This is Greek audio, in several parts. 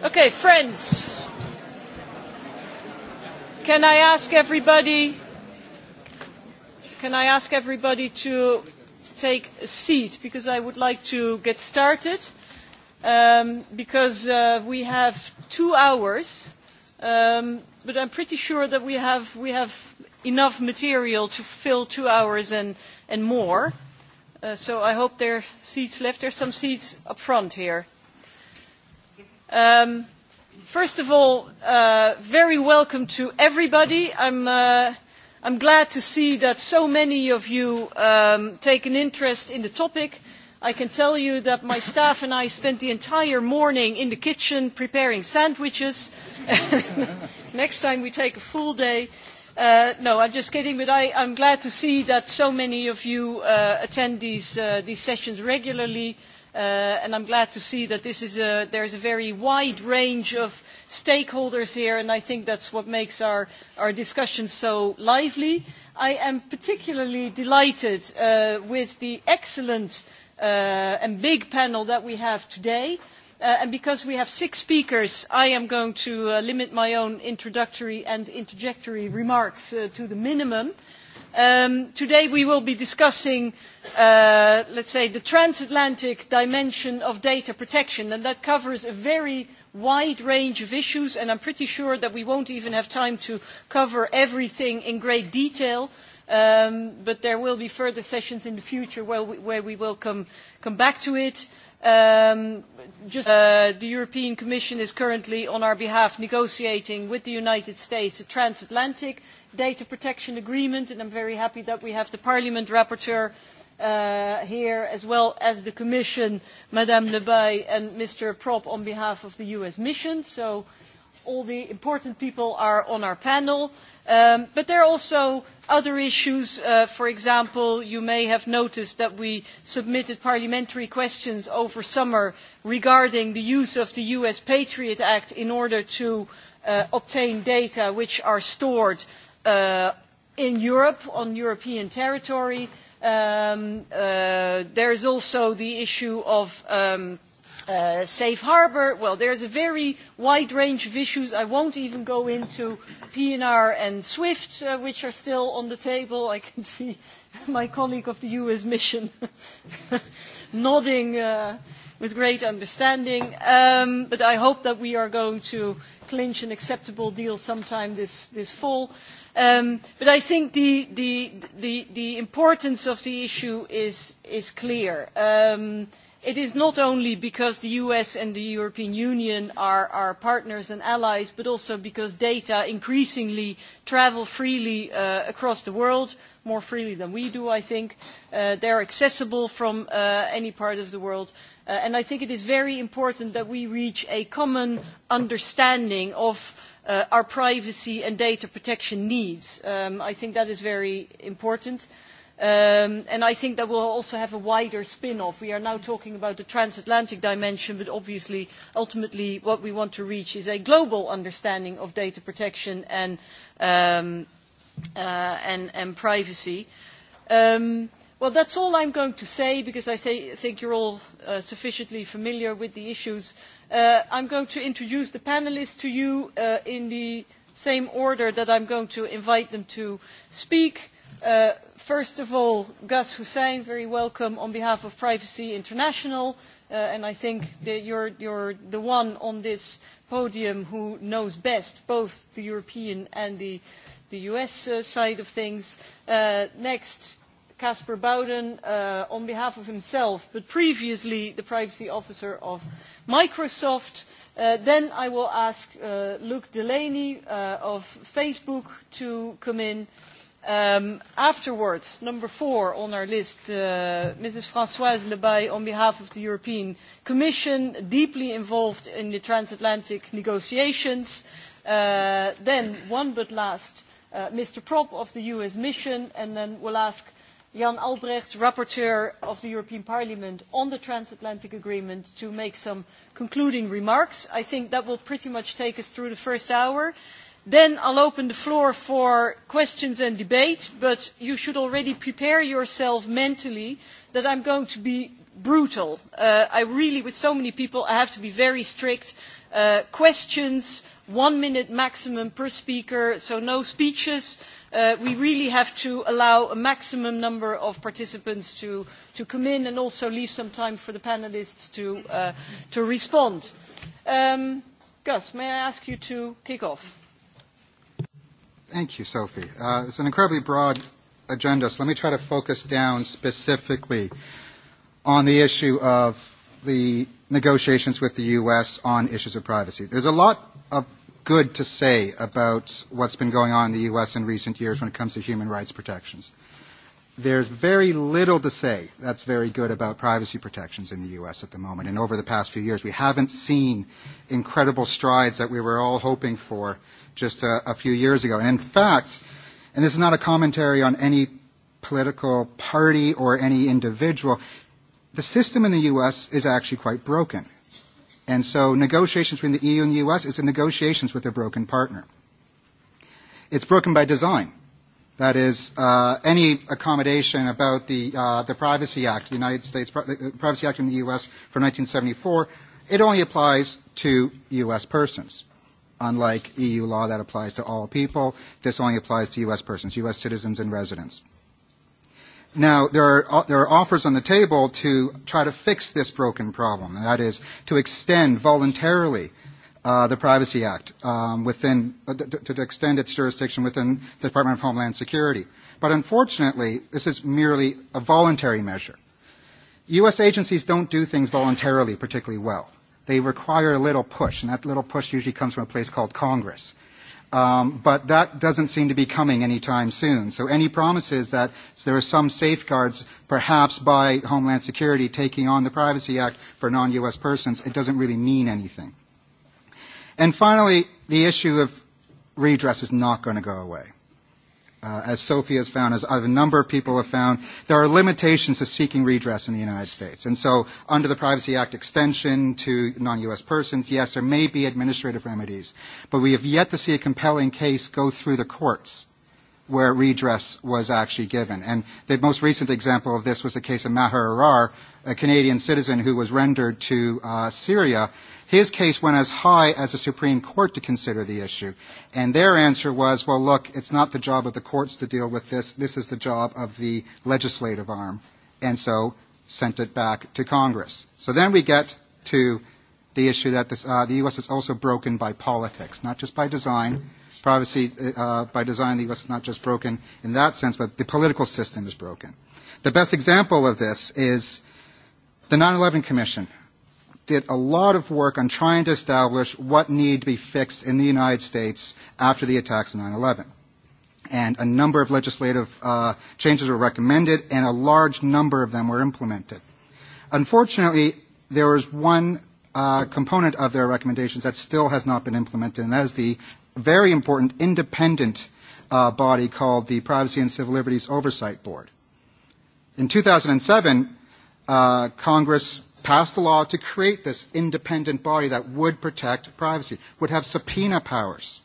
Okay, friends, can I ask everybody, can I ask everybody to take a seat because I would like to get started because we have two hours, but I'm pretty sure that we have we have enough material to fill two hours and and more. So I hope there are seats left. There are some seats up front here. First of all, very welcome to everybody. I'm glad to see that so many of you take an interest in the topic. I can tell you that my staff and I spent the entire morning in the kitchen preparing sandwiches. Next time we take a full day. No, I'm just kidding, but I'm glad to see that so many of you attend these sessions regularly and I'm glad to see that there is a, very wide range of stakeholders here, and I think that's what makes our, our discussion so lively. I am particularly delighted with the excellent and big panel that we have today. And because we have six speakers, I am going to limit my own introductory and interjectory remarks to the minimum today we will be discussing let's say the transatlantic dimension of data protection and that covers a very wide range of issues and I am pretty sure that we will not even have time to cover everything in great detail but there will be further sessions in the future where we will come back to it. The European Commission is currently on our behalf negotiating with the United States a transatlantic data protection agreement, and I'm very happy that we have the Parliament rapporteur here, as well as the Commission, Madame Lebay and Mr. Prop on behalf of the U.S. mission. So all the important people are on our panel. But there are also other issues. For example, you may have noticed that we submitted parliamentary questions over summer regarding the use of the U.S. Patriot Act in order to obtain data which are stored in Europe, on European territory. There is also the issue of safe harbour. Well, there is a very wide range of issues. I won't even go into PNR and SWIFT, which are still on the table. I can see my colleague of the U.S. mission nodding with great understanding. But I hope that we are going to clinch an acceptable deal sometime this fall. But I think the importance of the issue is clear. It is not only because the US and the European Union are our partners and allies, but also because data increasingly travel freely across the world, more freely than we do, I think. They are accessible from any part of the world. And I think it is very important that we reach a common understanding of our privacy and data protection needs. I think that is very important. And I think that will also have a wider spin-off. We are now talking about the transatlantic dimension, but obviously, ultimately, what we want to reach is a global understanding of data protection and privacy. Well, that's all I'm going to say, because I think you're all sufficiently familiar with the issues. I'm going to introduce the panelists to you in the same order that I'm going to invite them to speak. First of all, Gus Hussain, very welcome on behalf of Privacy International, and I think that you're the one on this podium who knows best both the European and the US side of things. Next, Caspar Bowden on behalf of himself, but previously the privacy officer of Microsoft. Then I will ask Luke Delaney of Facebook to come in. Afterwards, number four on our list, Mrs. Françoise Lebaille on behalf of the European Commission, deeply involved in the transatlantic negotiations. Then, one but last, Mr. Prop of the U.S. Mission, and then will ask Jan Albrecht, Rapporteur of the European Parliament on the Transatlantic Agreement, to make some concluding remarks. I think that will pretty much take us through the first hour. Then I'll open the floor for questions and debate, but you should already prepare yourself mentally that I'm going to be brutal. I really, with so many people, I have to be very strict. Questions, one minute maximum per speaker, so no speeches we really have to allow a maximum number of participants to come in and also leave some time for the panelists to respond. Gus, may I ask you to kick off? Thank you, Sophie. It's an incredibly broad agenda, so let me try to focus down specifically on the issue of the negotiations with the U.S. on issues of privacy. There's a lot of good to say about what's been going on in the U.S. in recent years when it comes to human rights protections. There's very little to say that's very good about privacy protections in the U.S. at the moment. And over the past few years, we haven't seen incredible strides that we were all hoping for just a few years ago. In fact, and this is not a commentary on any political party or any individual, the system in the U.S. is actually quite broken. And so negotiations between the EU and the U.S. is a negotiations with a broken partner. It's broken by design. That is, any accommodation about the the Privacy Act, the United States Privacy Act in the U.S. from 1974, it only applies to U.S. persons. Unlike EU law that applies to all people, this only applies to U.S. persons, U.S. citizens and residents. Now, there are, there are offers on the table to try to fix this broken problem, and that is to extend voluntarily the Privacy Act within, to extend its jurisdiction within the Department of Homeland Security. But unfortunately, this is merely a voluntary measure. U.S. agencies don't do things voluntarily particularly well. They require a little push, and that little push usually comes from a place called Congress. But that doesn't seem to be coming anytime soon. So any promises that there are some safeguards, perhaps by Homeland Security taking on the Privacy Act for non-U.S. persons, it doesn't really mean anything. And finally, the issue of redress is not going to go away as Sophie has found, as a number of people have found, there are limitations to seeking redress in the United States. And so under the Privacy Act extension to non-U.S. persons, yes, there may be administrative remedies, but we have yet to see a compelling case go through the courts where redress was actually given. And the most recent example of this was the case of Maher Arar, a Canadian citizen who was rendered to Syria His case went as high as the Supreme Court to consider the issue. And their answer was, well, look, it's not the job of the courts to deal with this. This is the job of the legislative arm. And so sent it back to Congress. So then we get to the issue that this, uh, the U.S. is also broken by politics, not just by design. Privacy uh, by design, the U.S. is not just broken in that sense, but the political system is broken. The best example of this is the 9-11 Commission, did a lot of work on trying to establish what needed to be fixed in the United States after the attacks of 9/11 and a number of legislative changes were recommended, and a large number of them were implemented. Unfortunately, there was one component of their recommendations that still has not been implemented, and that is the very important independent body called the Privacy and Civil Liberties Oversight Board. In 2007, Congress passed the law to create this independent body that would protect privacy, would have subpoena powers,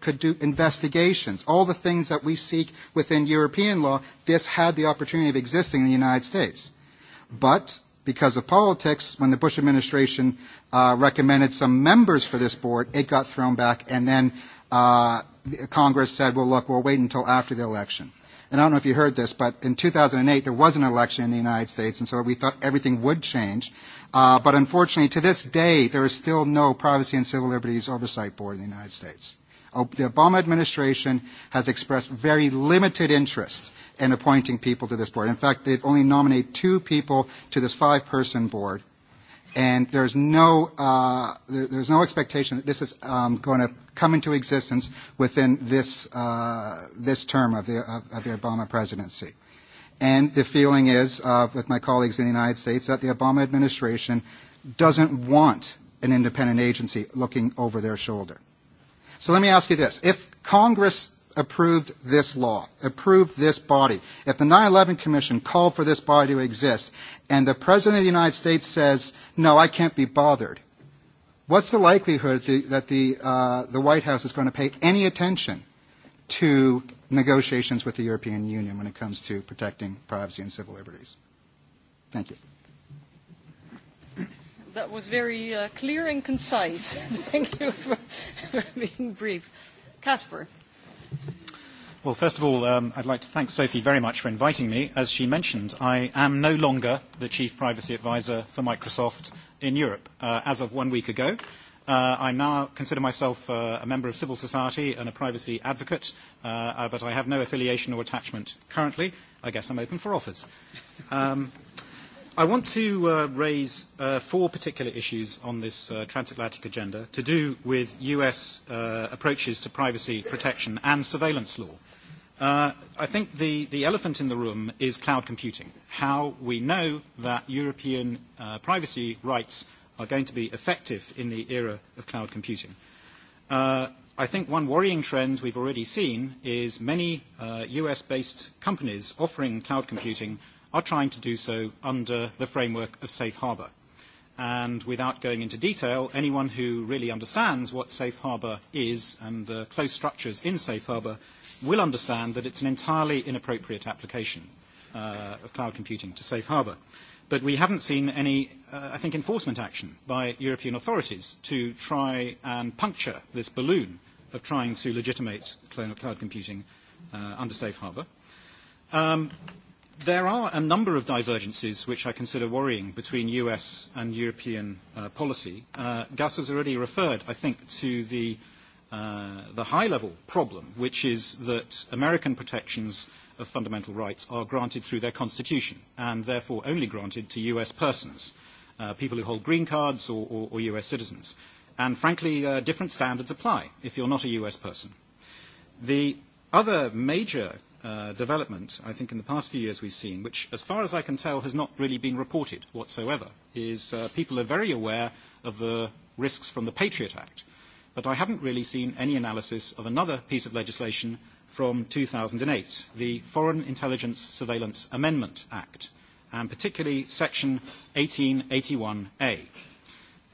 could do investigations, all the things that we seek within European law, this had the opportunity of existing in the United States. But because of politics, when the Bush administration recommended some members for this board, it got thrown back, and then Congress said, well, look, we'll wait until after the election. And I don't know if you heard this, but in 2008 there was an election in the United States, and so we thought everything would change. But unfortunately, to this day, there is still no Privacy and Civil Liberties Oversight Board in the United States. The Obama administration has expressed very limited interest in appointing people to this board. In fact, they've only nominated two people to this five-person board, and there's no there's no expectation that this is going to come into existence within this this term of the of the Obama presidency. And the feeling is, with my colleagues in the United States, that the Obama administration doesn't want an independent agency looking over their shoulder. So let me ask you this. If Congress approved this law, approved this body, if the 9-11 Commission called for this body to exist, and the President of the United States says, no, I can't be bothered, What's the likelihood that the White House is going to pay any attention to negotiations with the European Union when it comes to protecting privacy and civil liberties? Thank you. That was very clear and concise. Thank you for being brief. Casper. Well, first of all, I'd like to thank Sophie very much for inviting me. As she mentioned, I am no longer the Chief Privacy Advisor for Microsoft in Europe as of one week ago. I now consider myself a member of civil society and a privacy advocate, but I have no affiliation or attachment currently. I guess I'm open for offers. I want to raise four particular issues on this transatlantic agenda to do with US approaches to privacy protection and surveillance law. I think the elephant in the room is cloud computing, how we know that European privacy rights are going to be effective in the era of cloud computing. I think one worrying trend we've already seen is many US-based companies offering cloud computing are trying to do so under the framework of safe harbor. And without going into detail, anyone who really understands what safe harbour is and the close structures in safe harbour will understand that it's an entirely inappropriate application of cloud computing to safe Harbor. But we haven't seen any, I think, enforcement action by European authorities to try and puncture this balloon of trying to legitimate cloud computing under safe harbour. There are a number of divergences which I consider worrying between US and European policy. Gus has already referred, I think, to the high-level problem, which is that American protections of fundamental rights are granted through their constitution and therefore only granted to US persons, people who hold green cards or US citizens. And frankly, different standards apply if you're not a US person. The other major development, I think in the past few years we've seen, which, as far as I can tell, has not really been reported whatsoever, is people are very aware of the risks from the Patriot Act, but I haven't really seen any analysis of another piece of legislation from 2008, the Foreign Intelligence Surveillance Amendment Act, and particularly Section 1881A.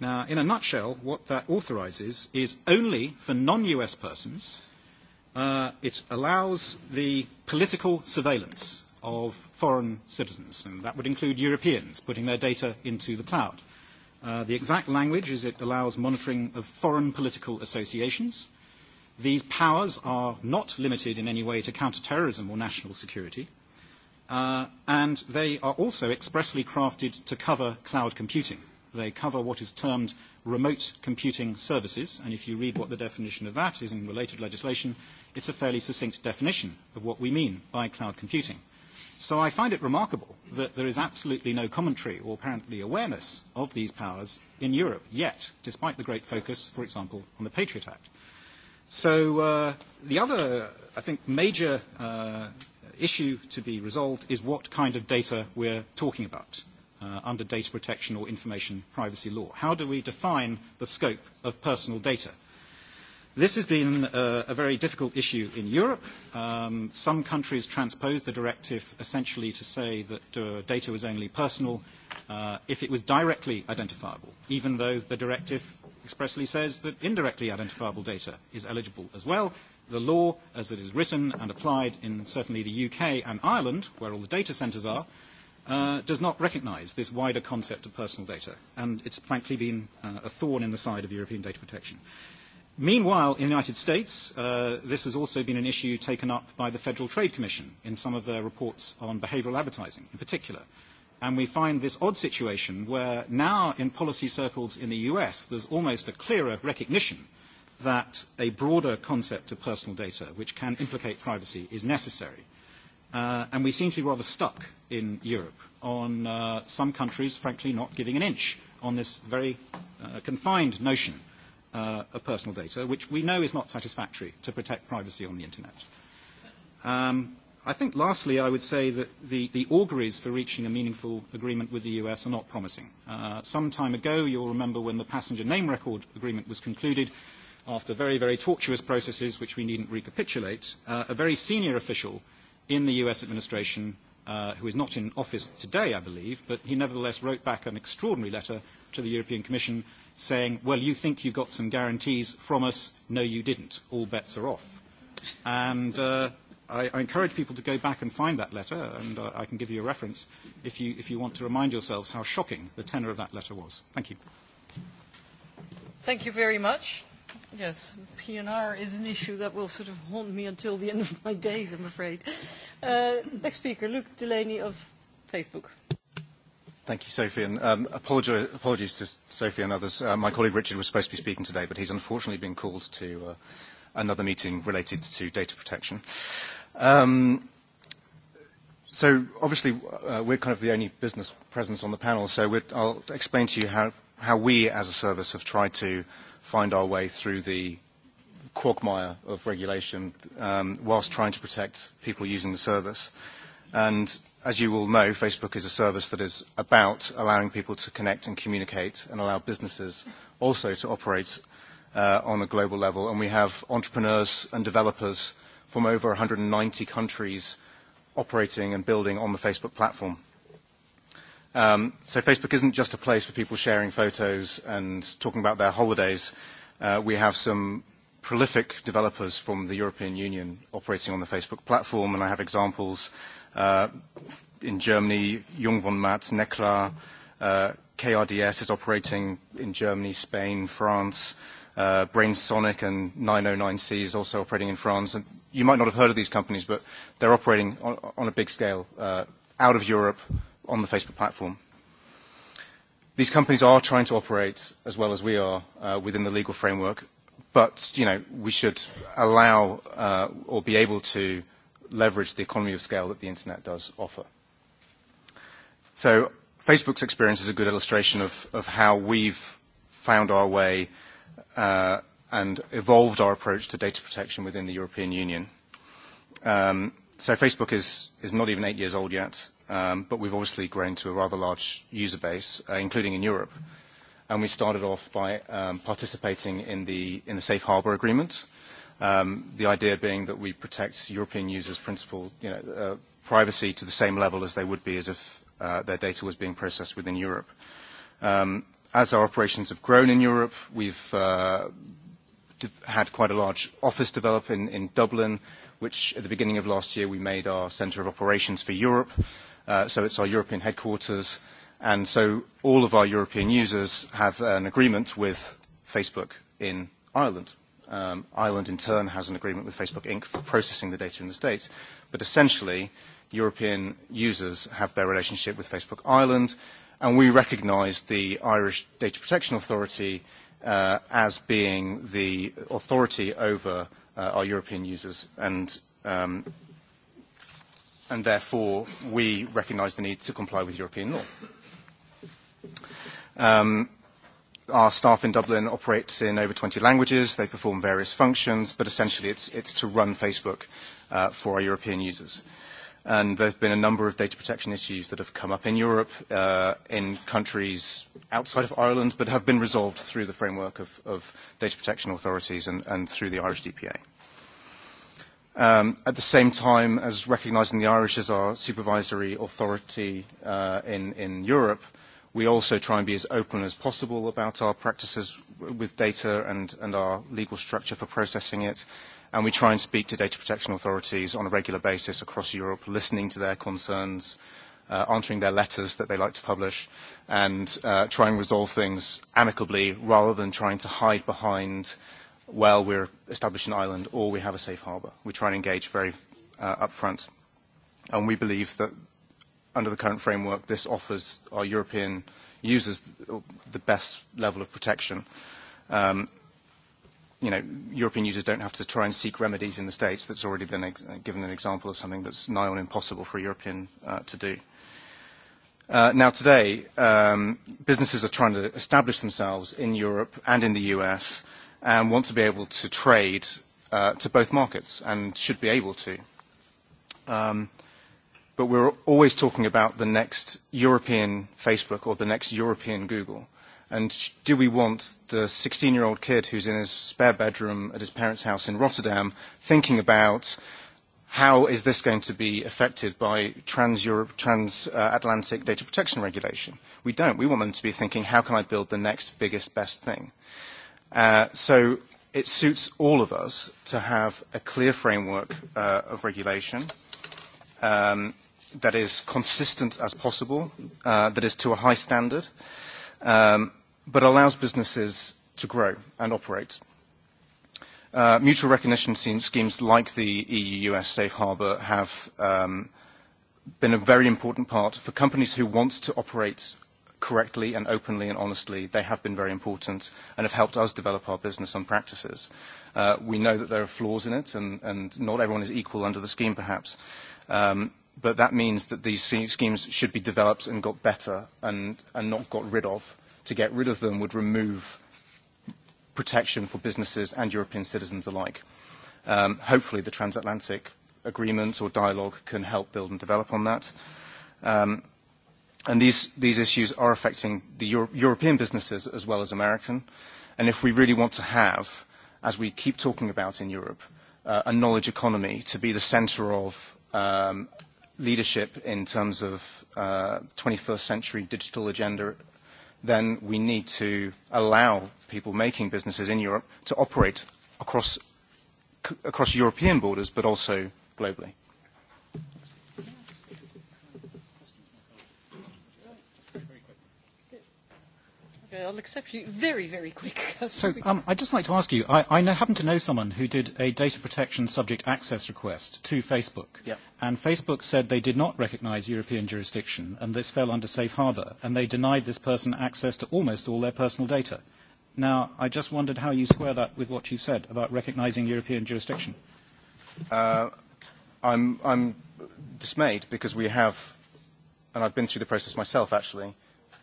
Now, in a nutshell, what that authorizes is only for non-US persons it allows the political surveillance of foreign citizens, and that would include Europeans putting their data into the cloud. The exact language is it allows monitoring of foreign political associations. These powers are not limited in any way to counter-terrorism or national security, and they are also expressly crafted to cover cloud computing. They cover what is termed remote computing services, and if you read what the definition of that is in related legislation, It's a fairly succinct definition of what we mean by cloud computing. So I find it remarkable that there is absolutely no commentary or apparently awareness of these powers in Europe yet, despite the great focus, for example, on the Patriot Act. So the other, I think, major issue to be resolved is what kind of data we're talking about under data protection or information privacy law. How do we define the scope of personal data? This has been a very difficult issue in Europe. Some countries transposed the directive essentially to say that data was only personal if it was directly identifiable, even though the directive expressly says that indirectly identifiable data is eligible as well. The law, as it is written and applied in certainly the UK and Ireland, where all the data centres are, does not recognise this wider concept of personal data, and it's frankly been a thorn in the side of European data protection. Meanwhile, in the United States, this has also been an issue taken up by the Federal Trade Commission in some of their reports on behavioral advertising in particular. And we find this odd situation where now in policy circles in the US, there's almost a clearer recognition that a broader concept of personal data, which can implicate privacy, is necessary. And we seem to be rather stuck in Europe on some countries, frankly, not giving an inch on this very confined notion of personal data, which we know is not satisfactory to protect privacy on the Internet. I think, lastly, I would say that the the auguries for reaching a meaningful agreement with the US are not promising. Some time ago, you'll remember when the passenger name record agreement was concluded, after very, very tortuous processes, which we needn't recapitulate, a very senior official in the US administration, who is not in office today, I believe, but he nevertheless wrote back an extraordinary letter to the European Commission saying, well, you think you got some guarantees from us. No, you didn't. All bets are off. And I encourage people to go back and find that letter, and I can give you a reference if you want to remind yourselves how shocking the tenor of that letter was. Thank you. Thank you very much. Yes, PNR is an issue that will sort of haunt me until the end of my days, I'm afraid. Next speaker, Luke Delaney of Facebook. Thank you, Sophie. And apologies to Sophie and others. My colleague Richard was supposed to be speaking today, but he's unfortunately been called to another meeting related to data protection. So obviously, we're kind of the only business presence on the panel, so I'll explain to you how how we as a service have tried to find our way through the quagmire of regulation um whilst trying to protect people using the service. And As you will know, Facebook is a service that is about allowing people to connect and communicate and allow businesses also to operate on a global level. And we have entrepreneurs and developers from over 190 countries operating and building on the Facebook platform. So Facebook isn't just a place for people sharing photos and talking about their holidays. We have some prolific developers from the European Union operating on the Facebook platform, and I have examples in Germany, Jung von Matt, Nekla, KRDS is operating in Germany, Spain, France. BrainSonic and 909C is also operating in France. you might not have heard of these companies, but they're operating on a big scale out of Europe on the Facebook platform. These companies are trying to operate as well as we are within the legal framework, but you know we should allow or be able to leverage the economy of scale that the internet does offer. So Facebook's experience is a good illustration of how we've found our way and evolved our approach to data protection within the European Union. So Facebook is is not even eight years old yet, but we've obviously grown to a rather large user base, including in Europe. And we started off by participating in the in the Safe Harbor Agreement, the idea being that we protect European users' principal privacy to the same level as they would be as if their data was being processed within Europe. As our operations have grown in Europe, we've had quite a large office develop in Dublin, which at the beginning of last year we made our centre of operations for Europe. So it's our European headquarters. And so all of our European users have an agreement with Facebook in Ireland Ireland in turn has an agreement with Facebook Inc. for processing the data in the States. But essentially, European users have their relationship with Facebook Ireland, and we recognise the Irish Data Protection Authority as being the authority over our European users. And therefore, we recognise the need to comply with European law. Our staff in Dublin operates in over 20 languages. They perform various functions, but essentially it's to run Facebook for our European users. And there have been a number of data protection issues that have come up in Europe, in countries outside of Ireland, but have been resolved through the framework of data protection authorities and through the Irish DPA. At the same time as recognising the Irish as our supervisory authority in Europe, We also try and be as open as possible about our practices with data and our legal structure for processing it. And we try and speak to data protection authorities on a regular basis across Europe, listening to their concerns, answering their letters that they like to publish, and try and resolve things amicably rather than trying to hide behind, well, we're established an island or we have a safe harbour. We try and engage very upfront. And we believe that under the current framework, this offers our European users the best level of protection. You know, European users don't have to try and seek remedies in the States. That's already been given an example of something that's nigh on impossible for a European to do. Now, today, businesses are trying to establish themselves in Europe and in the US and want to be able to trade to both markets and should be able to but we're always talking about the next European Facebook or the next European Google. And do we want the 16-year-old kid who's in his spare bedroom at his parents' house in Rotterdam thinking about how is this going to be affected by trans trans-Atlantic data protection regulation? We don't. We want them to be thinking, how can I build the next biggest, best thing? So it suits all of us to have a clear framework of regulation that is consistent as possible, that is to a high standard, but allows businesses to grow and operate. Mutual recognition schemes like the EU-US Safe Harbor have been a very important part for companies who want to operate correctly and openly and honestly. They have been very important and have helped us develop our business and practices. We know that there are flaws in it and not everyone is equal under the scheme perhaps but that means that these schemes should be developed and got better and not got rid of. To get rid of them would remove protection for businesses and European citizens alike. Hopefully the transatlantic agreement or dialogue can help build and develop on that. And these issues are affecting the European businesses as well as American. And if we really want to have, as we keep talking about in Europe, a knowledge economy to be the centre of leadership in terms of 21st century digital agenda, then we need to allow people making businesses in Europe to operate across across European borders, but also globally. I'll accept you very, very quick. So um, I'd just like to ask you, I, I happen to know someone who did a data protection subject access request to Facebook. And Facebook said they did not recognize European jurisdiction, and this fell under safe harbor, and they denied this person access to almost all their personal data. Now, I just wondered how you square that with what you said about recognizing European jurisdiction. Uh, I'm, I'm dismayed because we have, and I've been through the process myself, actually,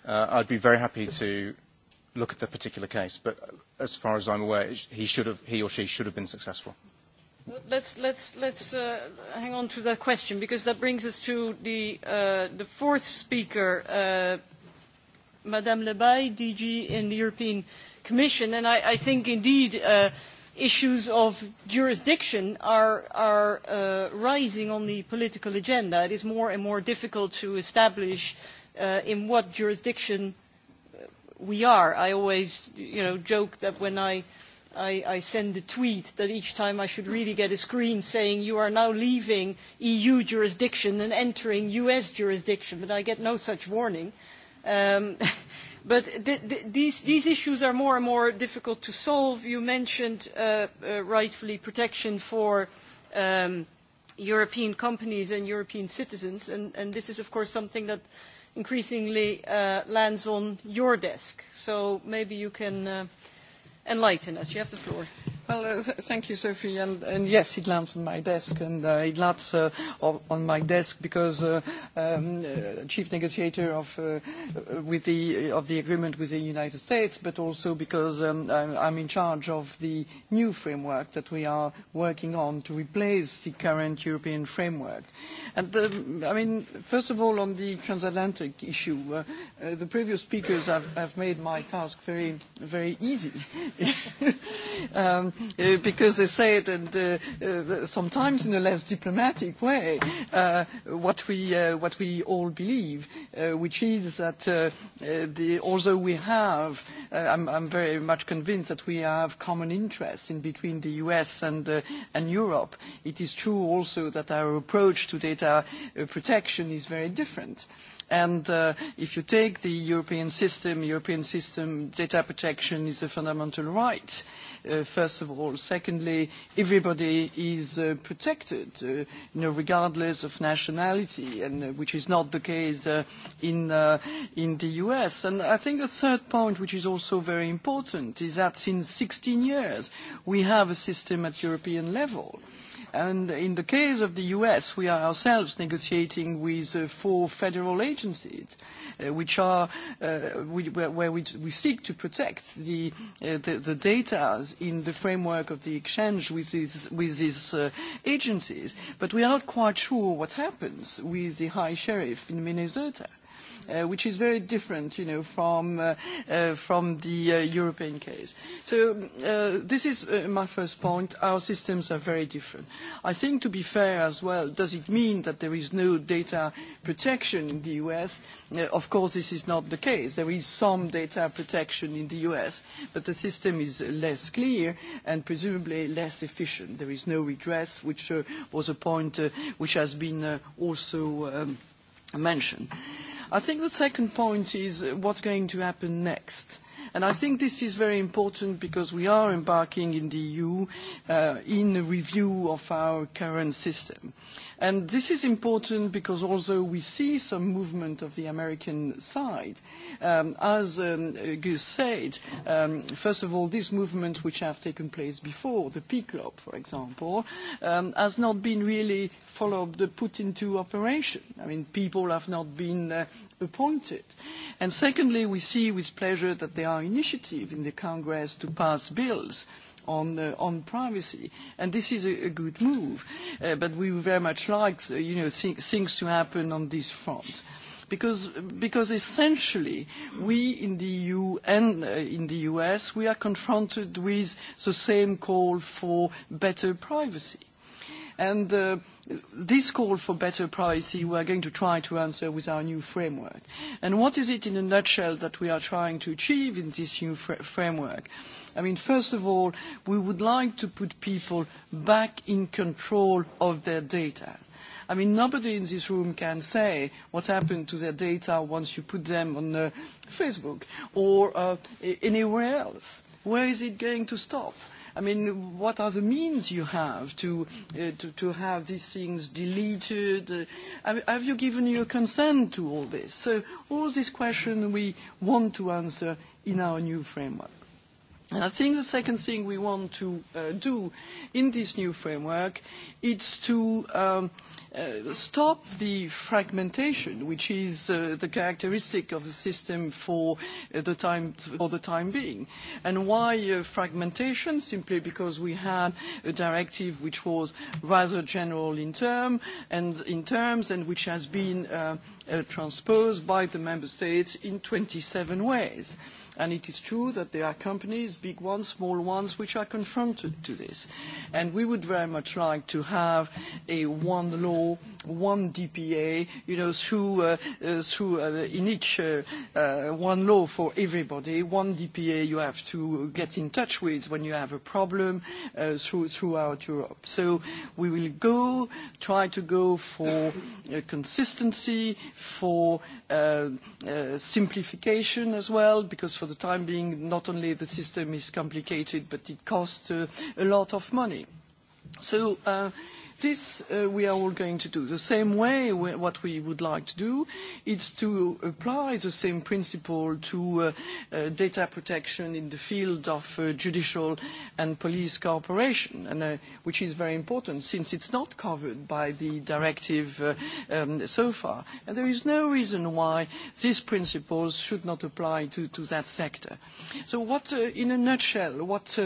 I'd be very happy to look at the particular case. But as far as I'm aware, he should have, he or she should have been successful. Let's let's let's hang on to that question because that brings us to the the fourth speaker, Madame Lebay, DG in the European Commission, and I think indeed issues of jurisdiction are are rising on the political agenda. It is more and more difficult to establish in what jurisdiction we are. I always, you know, joke that when I I send a tweet that each time I should really get a screen saying you are now leaving EU jurisdiction and entering US jurisdiction, but I get no such warning. But these issues are more and more difficult to solve. You mentioned rightfully protection for European companies and European citizens, and this is of course something that increasingly lands on your desk. So maybe you can enlighten us. You have the floor. Well, thank you, Sophie. And yes, it lands on my desk, and it lands on my desk because chief negotiator of with the of the agreement with the United States, but also because I'm in charge of the new framework that we are working on to replace the current European framework. And I mean, first of all, on the transatlantic issue, the previous speakers have made my task very, very easy because they it and sometimes in a less diplomatic way, what we what we all believe, which is that although we have, I'm very much convinced that we have common interests in between the US and Europe, it is true also that our approach to data protection is very different. And if you take the European system, European system data protection is a fundamental right first of all. Secondly, everybody is protected, regardless of nationality, and which is not the case in the U.S. And I think a third point, which is also very important, is that since 16 years we have a system at European level. And in the case of the U.S., we are ourselves negotiating with four federal agencies which are where we seek to protect the data in the framework of the exchange with these agencies. But we are not quite sure what happens with the High Sheriff in Minnesota which is very different, you know, from from the European case. So this is my first point. Our systems are very different. I think, to be fair as well, does it mean that there is no data protection in the U.S.? Of course, this is not the case. There is some data protection in the U.S., but the system is less clear and presumably less efficient. There is no redress, which was a point which has been also mentioned. I think the second point is what's going to happen next. And I think this is very important because we are embarking in the EU in a review of our current system. And this is important because although we see some movement of the American side, as Gus said, first of all, these movements which have taken place before, the PCLOP, for example, has not been really followed, put into operation. I mean, people have not been appointed. And secondly, we see with pleasure that there are initiatives in the Congress to pass bills on privacy. And this is a good move. But we very much like things to happen on this front. Because essentially, we in the EU and in the US, we are confronted with the same call for better privacy. And this call for better privacy we are going to try to answer with our new framework. And what is it in a nutshell that we are trying to achieve in this new framework? I mean, first of all, we would like to put people back in control of their data. I mean, nobody in this room can say what happened to their data once you put them on Facebook or anywhere else. Where is it going to stop? I mean, what are the means you have to to have these things deleted? Have you given your consent to all this? So all these questions we want to answer in our new framework. I think the second thing we want to do in this new framework is to stop the fragmentation, which is the characteristic of the system for the time being. And why fragmentation? Simply because we had a directive which was rather general in terms and which has been transposed by the member states in 27 ways. And it is true that there are companies, big ones, small ones, which are confronted to this. And we would very much like to have a one law, one DPA, you know, through in each one law for everybody, one DPA you have to get in touch with when you have a problem throughout Europe. So we will go, try to go for consistency, for simplification as well, because for the time being, not only the system is complicated, but it costs a lot of money. So This we are all going to do. The same way, what we would like to do is to apply the same principle to data protection in the field of judicial and police cooperation, which is very important since it's not covered by the directive so far. And there is no reason why these principles should not apply to that sector. So in a nutshell, what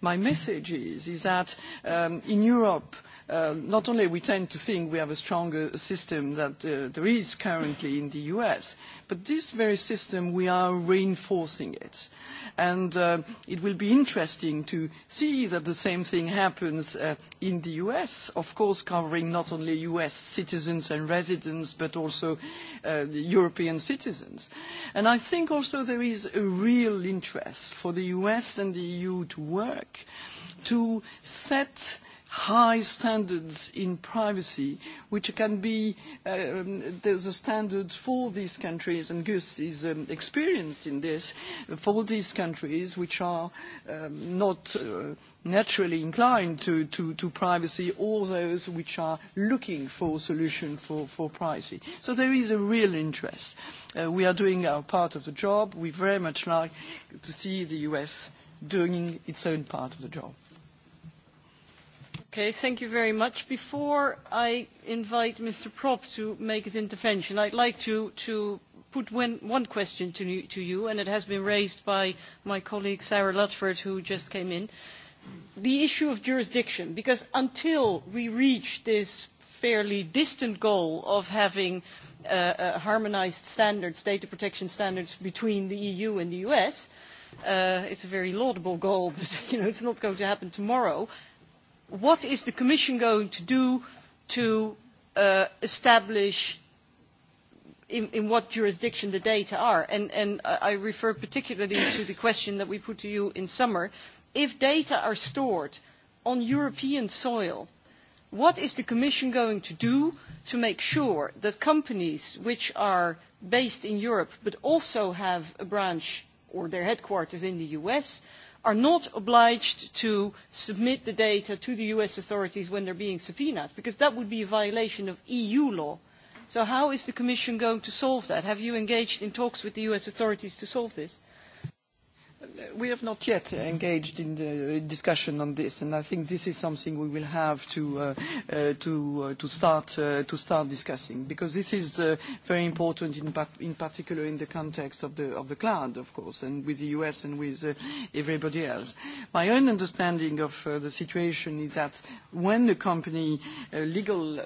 my message is, is that in Europe, Europe, not only we tend to think we have a stronger system than there is currently in the US, but this very system, we are reinforcing it. And it will be interesting to see that the same thing happens in the US, of course covering not only US citizens and residents, but also European citizens. And I think also there is a real interest for the US and the EU to work to set high standards in privacy, which can be the standards for these countries, and Gus is experienced in this, for these countries which are not naturally inclined to privacy, or those which are looking for solution for privacy. So there is a real interest. We are doing our part of the job. We very much like to see the US doing its own part of the job. Okay, thank you very much. Before I invite Mr. Prop to make his intervention, I'd like to put one question to you, and it has been raised by my colleague Sarah Ludford, who just came in. The issue of jurisdiction, because until we reach this fairly distant goal of having harmonised standards, data protection standards between the EU and the US, it's a very laudable goal, but it's not going to happen tomorrow what is the Commission going to do to establish in what jurisdiction the data are? And I refer particularly to the question that we put to you in summer. If data are stored on European soil, what is the Commission going to do to make sure that companies which are based in Europe but also have a branch or their headquarters in the US are not obliged to submit the data to the U.S. authorities when they are being subpoenaed, because that would be a violation of EU law. So how is the Commission going to solve that? Have you engaged in talks with the U.S. authorities to solve this? we have not yet engaged in the discussion on this, and I think this is something we will have to to to start to start discussing because this is very important in particular in the context of the of the cloud, of course, and with the US and with everybody else. My own understanding of the situation is that when a company, a legal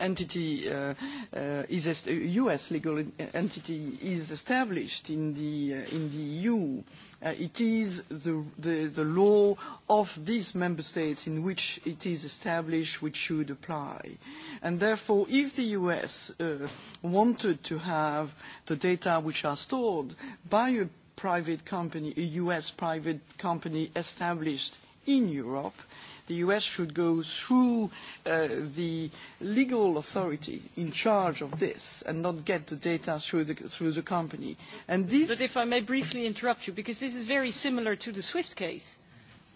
entity, is a US legal entity is established in the in the EU. It is the law of these member states in which it is established which should apply. And therefore, if the US wanted to have the data which are stored by a private company, a US private company established in Europe, the US should go through the legal authority in charge of this and not get the data through the company. But if I may briefly interrupt you, because this is very similar to the SWIFT case,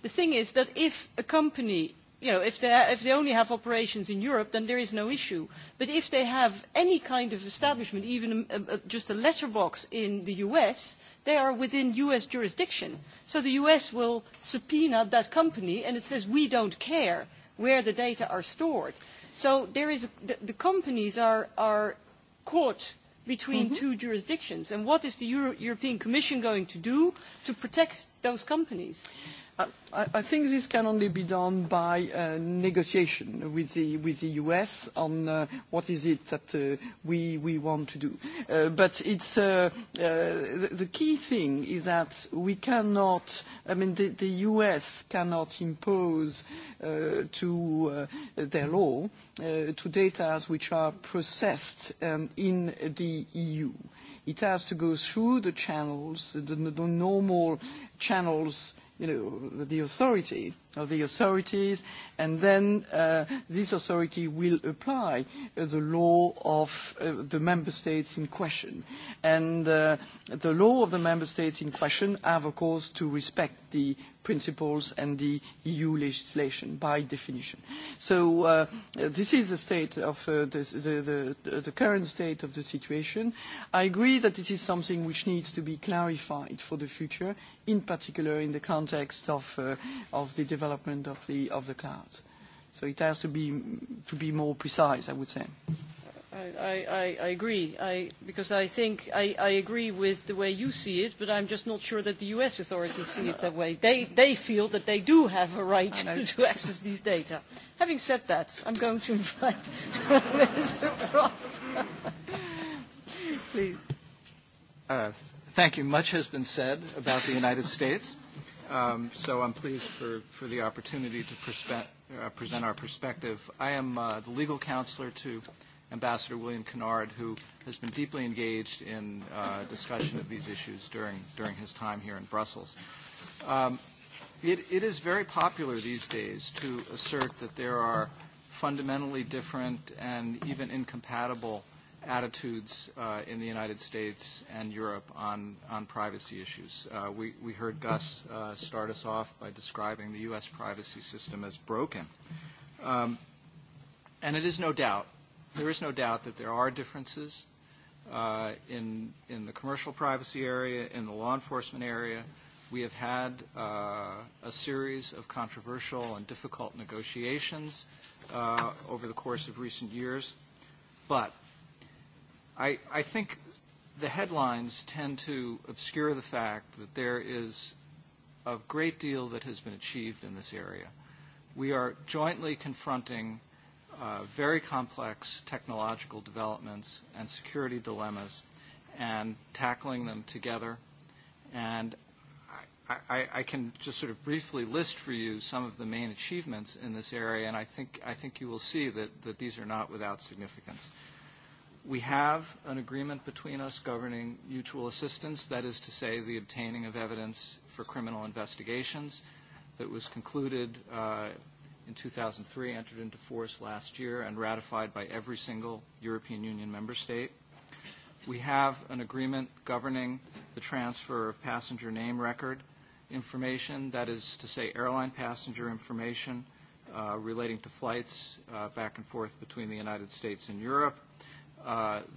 the thing is that if a company, if they only have operations in Europe, then there is no issue. But if they have any kind of establishment, even just a letterbox in the US, they are within us jurisdiction so the us will subpoena that company and it says we don't care where the data are stored so there is the companies are caught between two jurisdictions and what is the european commission going to do to protect those companies I think this can only be done by negotiation with the US on what is it that we want to do. But the key thing is that we cannot, I mean, the US cannot impose to their law to data which are processed in the EU. It has to go through the channels, the normal channels you know, the authority of the authorities, and then this authority will apply the law of the member states in question. And the law of the member states in question have, of course, to respect the principles and the EU legislation by definition. So this is the state of the current state of the situation. I agree that it is something which needs to be clarified for the future, in particular in the context of the development of the cloud. So it has to be more precise, I would say. I agree, because I think I agree with the way you see it, but I'm just not sure that the U.S. authorities see it that way. They feel that they do have a right to access these data. Having said that, I'm going to invite Mr. Roth. Please. Thank you. Much has been said about the United States, so I'm pleased for the opportunity to present our perspective. I am the legal counselor to Ambassador William Kennard, who has been deeply engaged in uh discussion of these issues during during his time here in Brussels. It is very popular these days to assert that there are fundamentally different and even incompatible attitudes uh in the United States and Europe on on privacy issues. Uh We we heard Gus start us off by describing the U.S. privacy system as broken. And it is no doubt there is no doubt that there are differences in the commercial privacy area, in the law enforcement area. We have had a series of controversial and difficult negotiations over the course of recent years. But I think the headlines tend to obscure the fact that there is a great deal that has been achieved in this area. We are jointly confronting very complex technological developments and security dilemmas and tackling them together. And I can just sort of briefly list for you some of the main achievements in this area, and I think you will see that these are not without significance. We have an agreement between us governing mutual assistance, that is to say the obtaining of evidence for criminal investigations, that was concluded in 2003, entered into force last year, and ratified by every single European Union member state. We have an agreement governing the transfer of passenger name record information, that is to say airline passenger information relating to flights back and forth between the United States and Europe.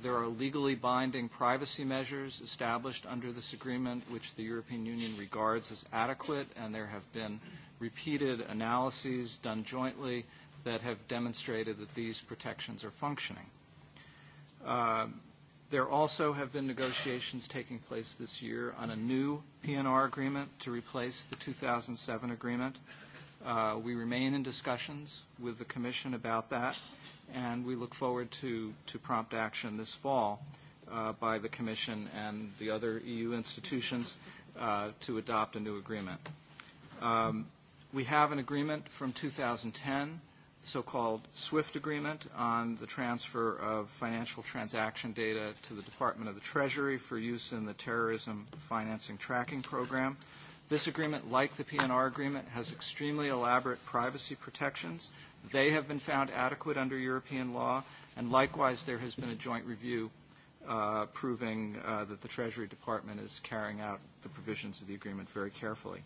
There are legally binding privacy measures established under this agreement, which the European Union regards as adequate, and there have been repeated analyses done jointly that have demonstrated that these protections are functioning. There also have been negotiations taking place this year on a new PNR agreement to replace the 2007 agreement. We remain in discussions with the Commission about that, and we look forward to to prompt action this fall by the Commission and the other EU institutions to adopt a new agreement. We have an agreement from 2010, the so-called SWIFT agreement, on the transfer of financial transaction data to the Department of the Treasury for use in the Terrorism Financing Tracking Program. This agreement, like the PNR agreement, has extremely elaborate privacy protections. They have been found adequate under European law, and likewise there has been a joint review proving that the Treasury Department is carrying out the provisions of the agreement very carefully.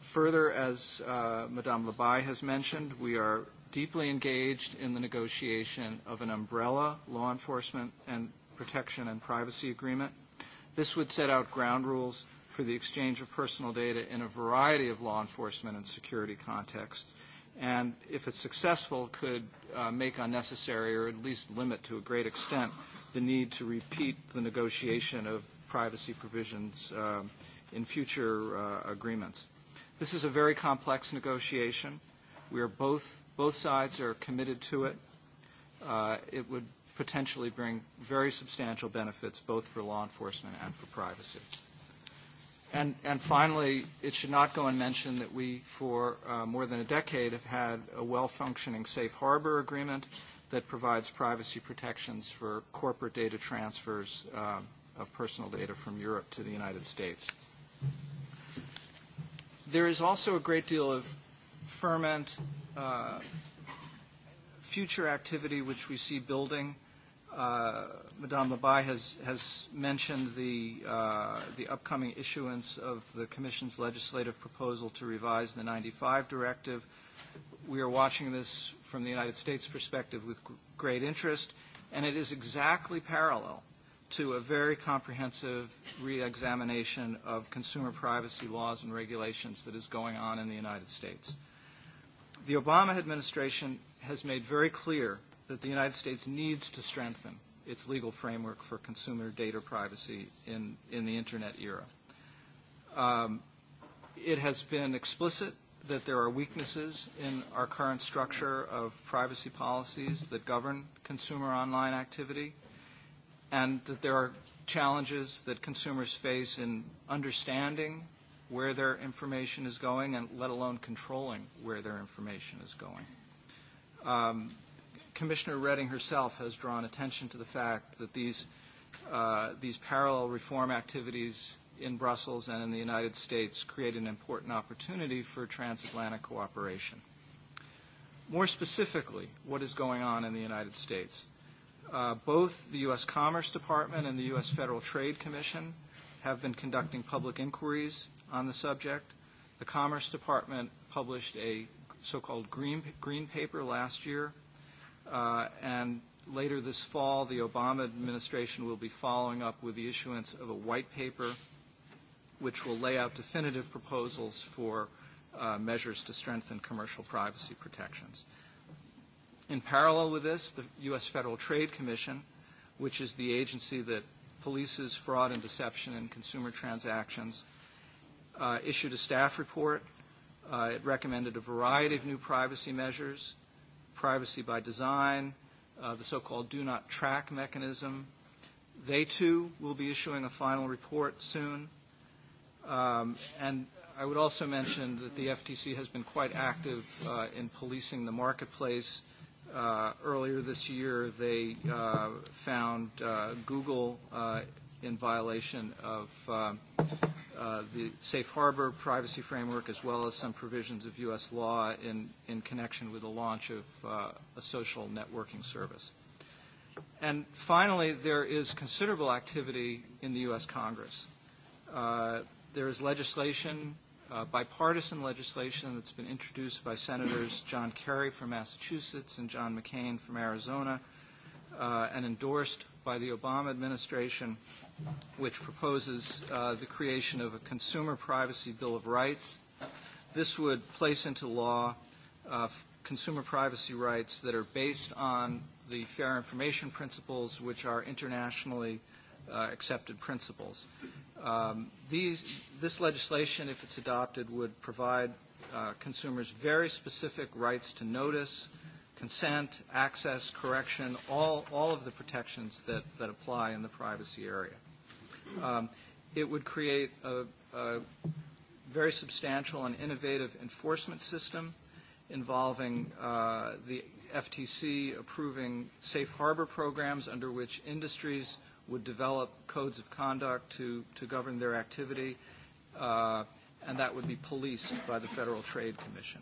Further, as Madame Labai has mentioned, we are deeply engaged in the negotiation of an umbrella law enforcement and protection and privacy agreement. This would set out ground rules for the exchange of personal data in a variety of law enforcement and security contexts, and if it's successful, could make unnecessary or at least limit to a great extent the need to repeat the negotiation of privacy provisions in future agreements. This is a very complex negotiation. We are both, both sides are committed to it. It would potentially bring very substantial benefits both for law enforcement and for privacy. And, and finally, it should not go unmentioned that we, for more than a decade, have had a well-functioning safe harbor agreement that provides privacy protections for corporate data transfers of personal data from Europe to the United States. There is also a great deal of ferment, future activity which we see building. Madame Labai has has mentioned the the upcoming issuance of the Commission's legislative proposal to revise the 95 directive. We are watching this from the United States perspective with great interest, and it is exactly parallel to a very comprehensive reexamination of consumer privacy laws and regulations that is going on in the United States. The Obama administration has made very clear that the United States needs to strengthen its legal framework for consumer data privacy in in the internet era. It has been explicit that there are weaknesses in our current structure of privacy policies that govern consumer online activity and that there are challenges that consumers face in understanding where their information is going and let alone controlling where their information is going. Commissioner Redding herself has drawn attention to the fact that these these parallel reform activities in Brussels and in the United States create an important opportunity for transatlantic cooperation. More specifically, what is going on in the United States? both the U.S. Commerce Department and the U.S. Federal Trade Commission have been conducting public inquiries on the subject. The Commerce Department published a so-called green paper last year, and later this fall, the Obama administration will be following up with the issuance of a white paper, which will lay out definitive proposals for measures to strengthen commercial privacy protections. In parallel with this, the U.S. Federal Trade Commission, which is the agency that polices fraud and deception in consumer transactions, issued a staff report. It recommended a variety of new privacy measures, privacy by design, the so-called do not track mechanism. They, too, will be issuing a final report soon. And I would also mention that the FTC has been quite active in policing the marketplace Earlier this year, they found Google in violation of the safe harbor privacy framework as well as some provisions of U.S. law in, in connection with the launch of a social networking service. And finally, there is considerable activity in the U.S. Congress. There is legislation bipartisan legislation that's been introduced by Senators John Kerry from Massachusetts and John McCain from Arizona and endorsed by the Obama administration, which proposes the creation of a Consumer Privacy Bill of Rights. This would place into law consumer privacy rights that are based on the fair information principles, which are internationally accepted principles this legislation, if it's adopted, would provide consumers very specific rights to notice, consent, access, correction, all, all of the protections that, that apply in the privacy area. it would create a, very substantial and innovative enforcement system involving the FTC approving safe harbor programs under which industries – would develop codes of conduct to to govern their activity, and that would be policed by the Federal Trade Commission.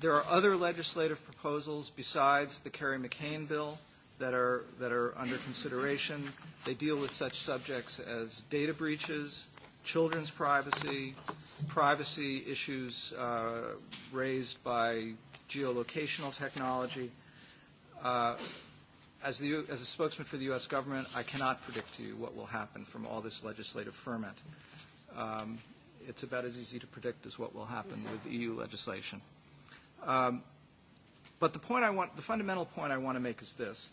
There are other legislative proposals besides the Kerry-McCain bill that are that are under consideration. They deal with such subjects as data breaches, children's privacy, privacy issues raised by geolocational technology as the as a spokesman for the U.S. government, I cannot predict to you what will happen from all this legislative ferment. Um, it's about as easy to predict as what will happen with EU legislation. Um, but the point I want, the fundamental point I want to make is this.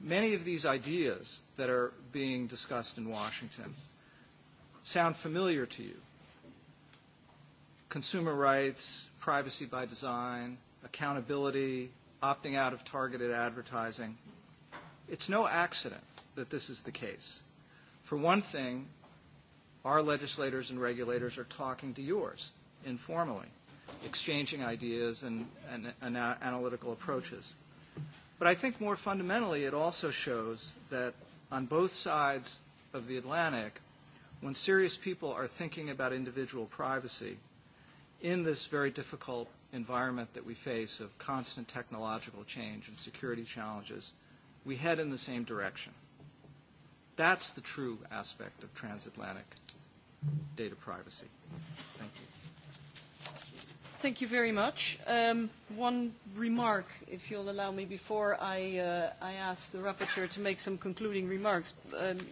Many of these ideas that are being discussed in Washington sound familiar to you. Consumer rights, privacy by design, accountability, opting out of targeted advertising. It's no accident that this is the case. For one thing, our legislators and regulators are talking to yours informally, exchanging ideas and analytical approaches. But I think more fundamentally, it also shows that on both sides of the Atlantic, when serious people are thinking about individual privacy in this very difficult environment that we face of constant technological change and security challenges, we head in the same direction. That's the true aspect of transatlantic data privacy. Thank you. Thank you very much. One remark, if you'll allow me, before I I ask the rapporteur to make some concluding remarks.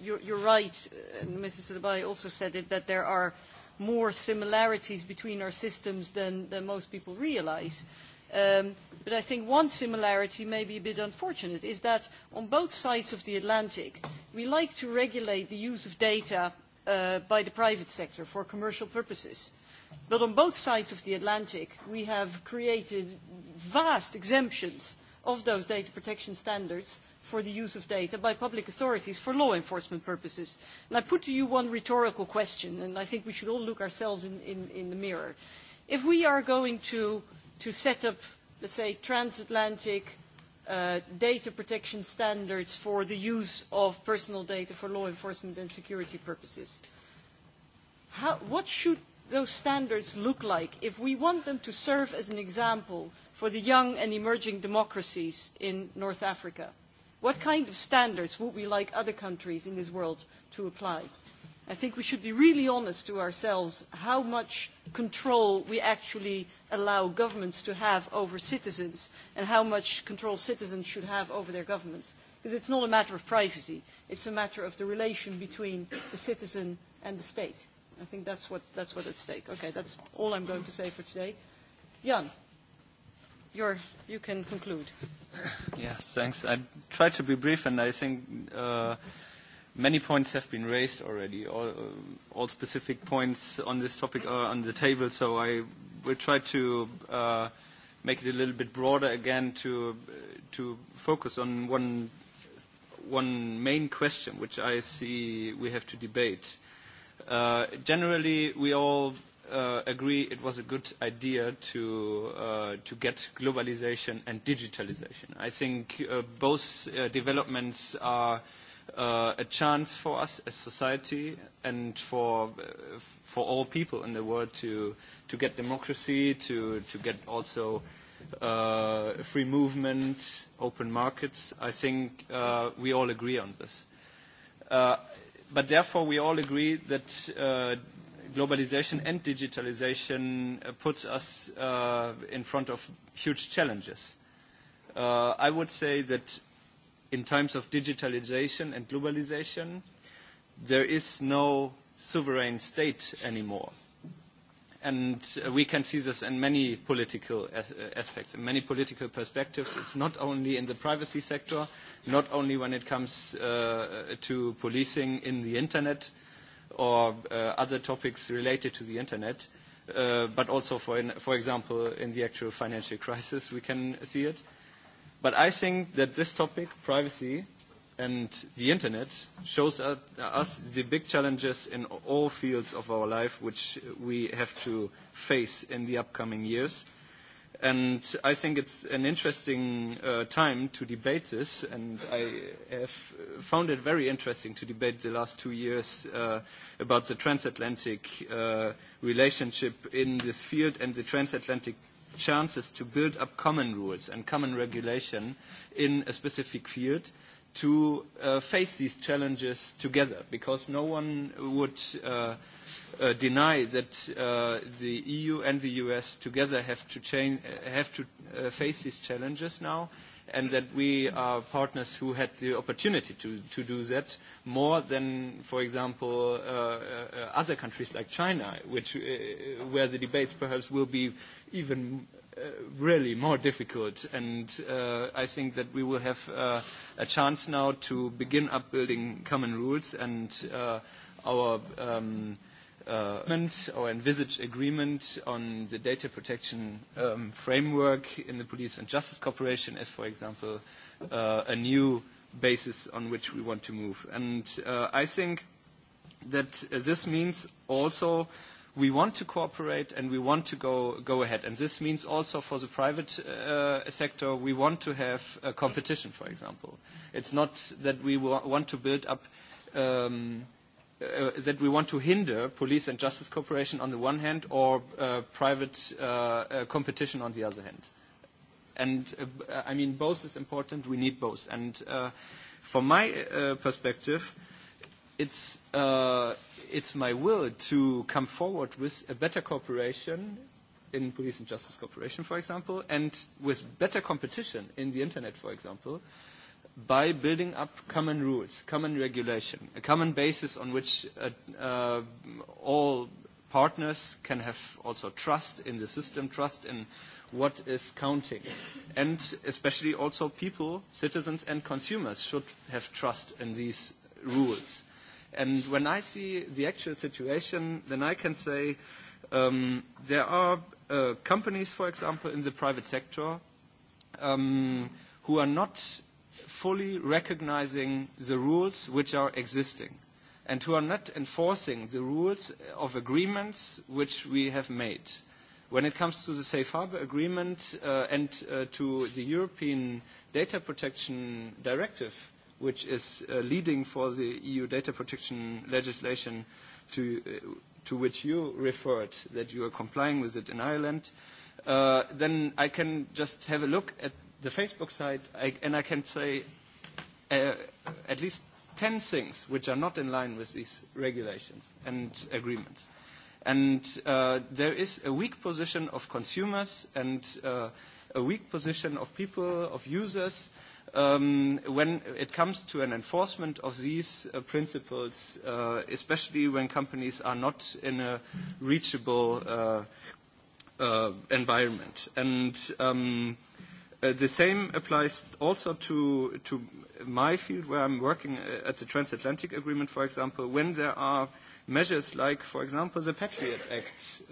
You're right, and Mrs. Debay also said it, that there are more similarities between our systems than most people realise. But I think one similarity, may be a bit unfortunate, is that on both sides of the Atlantic, we like to regulate the use of data by the private sector for commercial purposes. But on both sides of the Atlantic, we have created vast exemptions of those data protection standards for the use of data by public authorities for law enforcement purposes. And I put to you one rhetorical question, and I think we should all look ourselves in the mirror. If we are going to set up, let's say, transatlantic data protection standards for the use of personal data for law enforcement and security purposes, what should those standards look like if we want them to serve as an example for the young and emerging democracies in North Africa? What kind of standards would we like other countries in this world to apply? I think we should be really honest to ourselves how much control we actually allow governments to have over citizens and how much control citizens should have over their governments. Because it's not a matter of privacy, it's a matter of the relation between the citizen and the state. I think that's what at stake. Okay, that's all I'm going to say for today. Jan. You can conclude. Yes, thanks. I try to be brief, and I think many points have been raised already. All specific points on this topic are on the table, so I will try to make it a little bit broader again to to focus on one one main question, which I see we have to debate. Generally, we all agree it was a good idea to to get globalization and digitalization. I think both developments are a chance for us as society and for for all people in the world to to get democracy, to to get also free movement, open markets. I think we all agree on this. But therefore we all agree that globalization and digitalization puts us in front of huge challenges. I would say that in times of digitalization and globalization, there is no sovereign state anymore. And we can see this in many political aspects, in many political perspectives. It's not only in the privacy sector, not only when it comes to policing in the Internet, or other topics related to the Internet, but also, for example, in the actual financial crisis, we can see it. But I think that this topic, privacy and the Internet, shows us the big challenges in all fields of our life which we have to face in the upcoming years And I think it's an interesting time to debate this, and I have found it very interesting to debate the last two years about the transatlantic relationship in this field and the transatlantic chances to build up common rules and common regulation in a specific field to face these challenges together, because no one would deny that the EU and the US together have to change, have to face these challenges now, and that we are partners who had the opportunity to to do that more than, for example, other countries like China, which where the debates perhaps will be even really more difficult. And I think that we will have a chance now to begin upbuilding common rules and our or envisage agreement on the data protection framework in the police and justice cooperation as, for example, a new basis on which we want to move. And I think that this means also we want to cooperate and we want to go go ahead. And this means also for the private sector we want to have competition, for example. It's not that we want to build up that we want to hinder police and justice cooperation on the one hand or private competition on the other hand. And I mean, both is important. We need both. And from my perspective, it's my will to come forward with a better cooperation in police and justice cooperation, for example, and with better competition in the Internet, for example by building up common rules, common regulation, a common basis on which all partners can have also trust in the system, trust in what is counting. And especially also people, citizens and consumers should have trust in these rules. And when I see the actual situation, then I can say there are companies, for example, in the private sector who are not fully recognizing the rules which are existing and who are not enforcing the rules of agreements which we have made. When it comes to the Safe Harbor Agreement and to the European Data Protection Directive, which is leading for the EU data protection legislation to which you referred, that you are complying with it in Ireland, then I can just have a look at the Facebook side, and I can say at least 10 things which are not in line with these regulations and agreements. And there is a weak position of consumers and a weak position of people, of users, when it comes to an enforcement of these principles, especially when companies are not in a reachable environment. And The same applies also to my field where I'm working at the Transatlantic Agreement, for example, when there are measures like, for example, the Patriot Act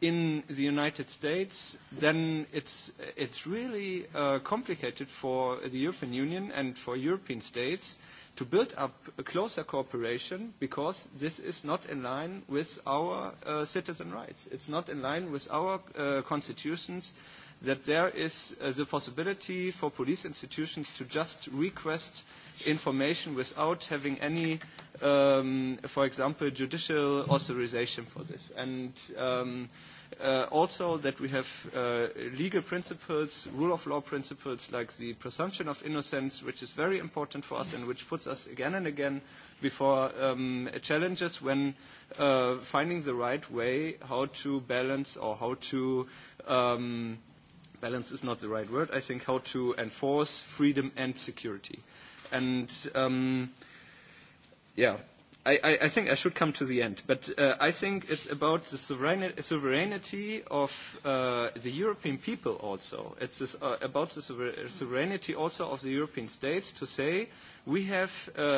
in the United States, then it's it's really complicated for the European Union and for European states to build up a closer cooperation because this is not in line with our citizen rights. It's not in line with our constitutions that there is the possibility for police institutions to just request information without having any, for example, judicial authorization for this. And also that we have legal principles, rule of law principles like the presumption of innocence, which is very important for us and which puts us again and again before challenges when finding the right way how to balance or how to balance is not the right word, I think, how to enforce freedom and security. And, yeah, I think I should come to the end, but I think it's about the sovereignty of the European people also. It's about the sovereignty also of the European states to say we have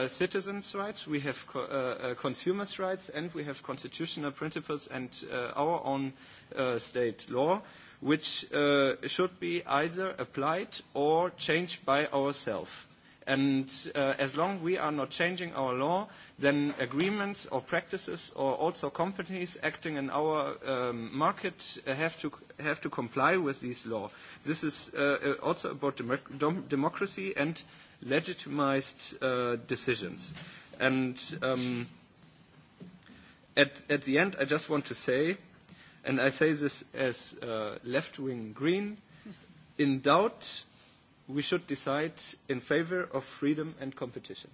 citizens' rights, we have consumers' rights, and we have constitutional principles and our own state law which should be either applied or changed by ourselves. And as long we are not changing our law, then agreements or practices or also companies acting in our market have to have to comply with these laws. This is also about democracy and legitimized decisions. And at the end, I just want to say and I say this as left-wing green, in doubt, we should decide in favor of freedom and competition.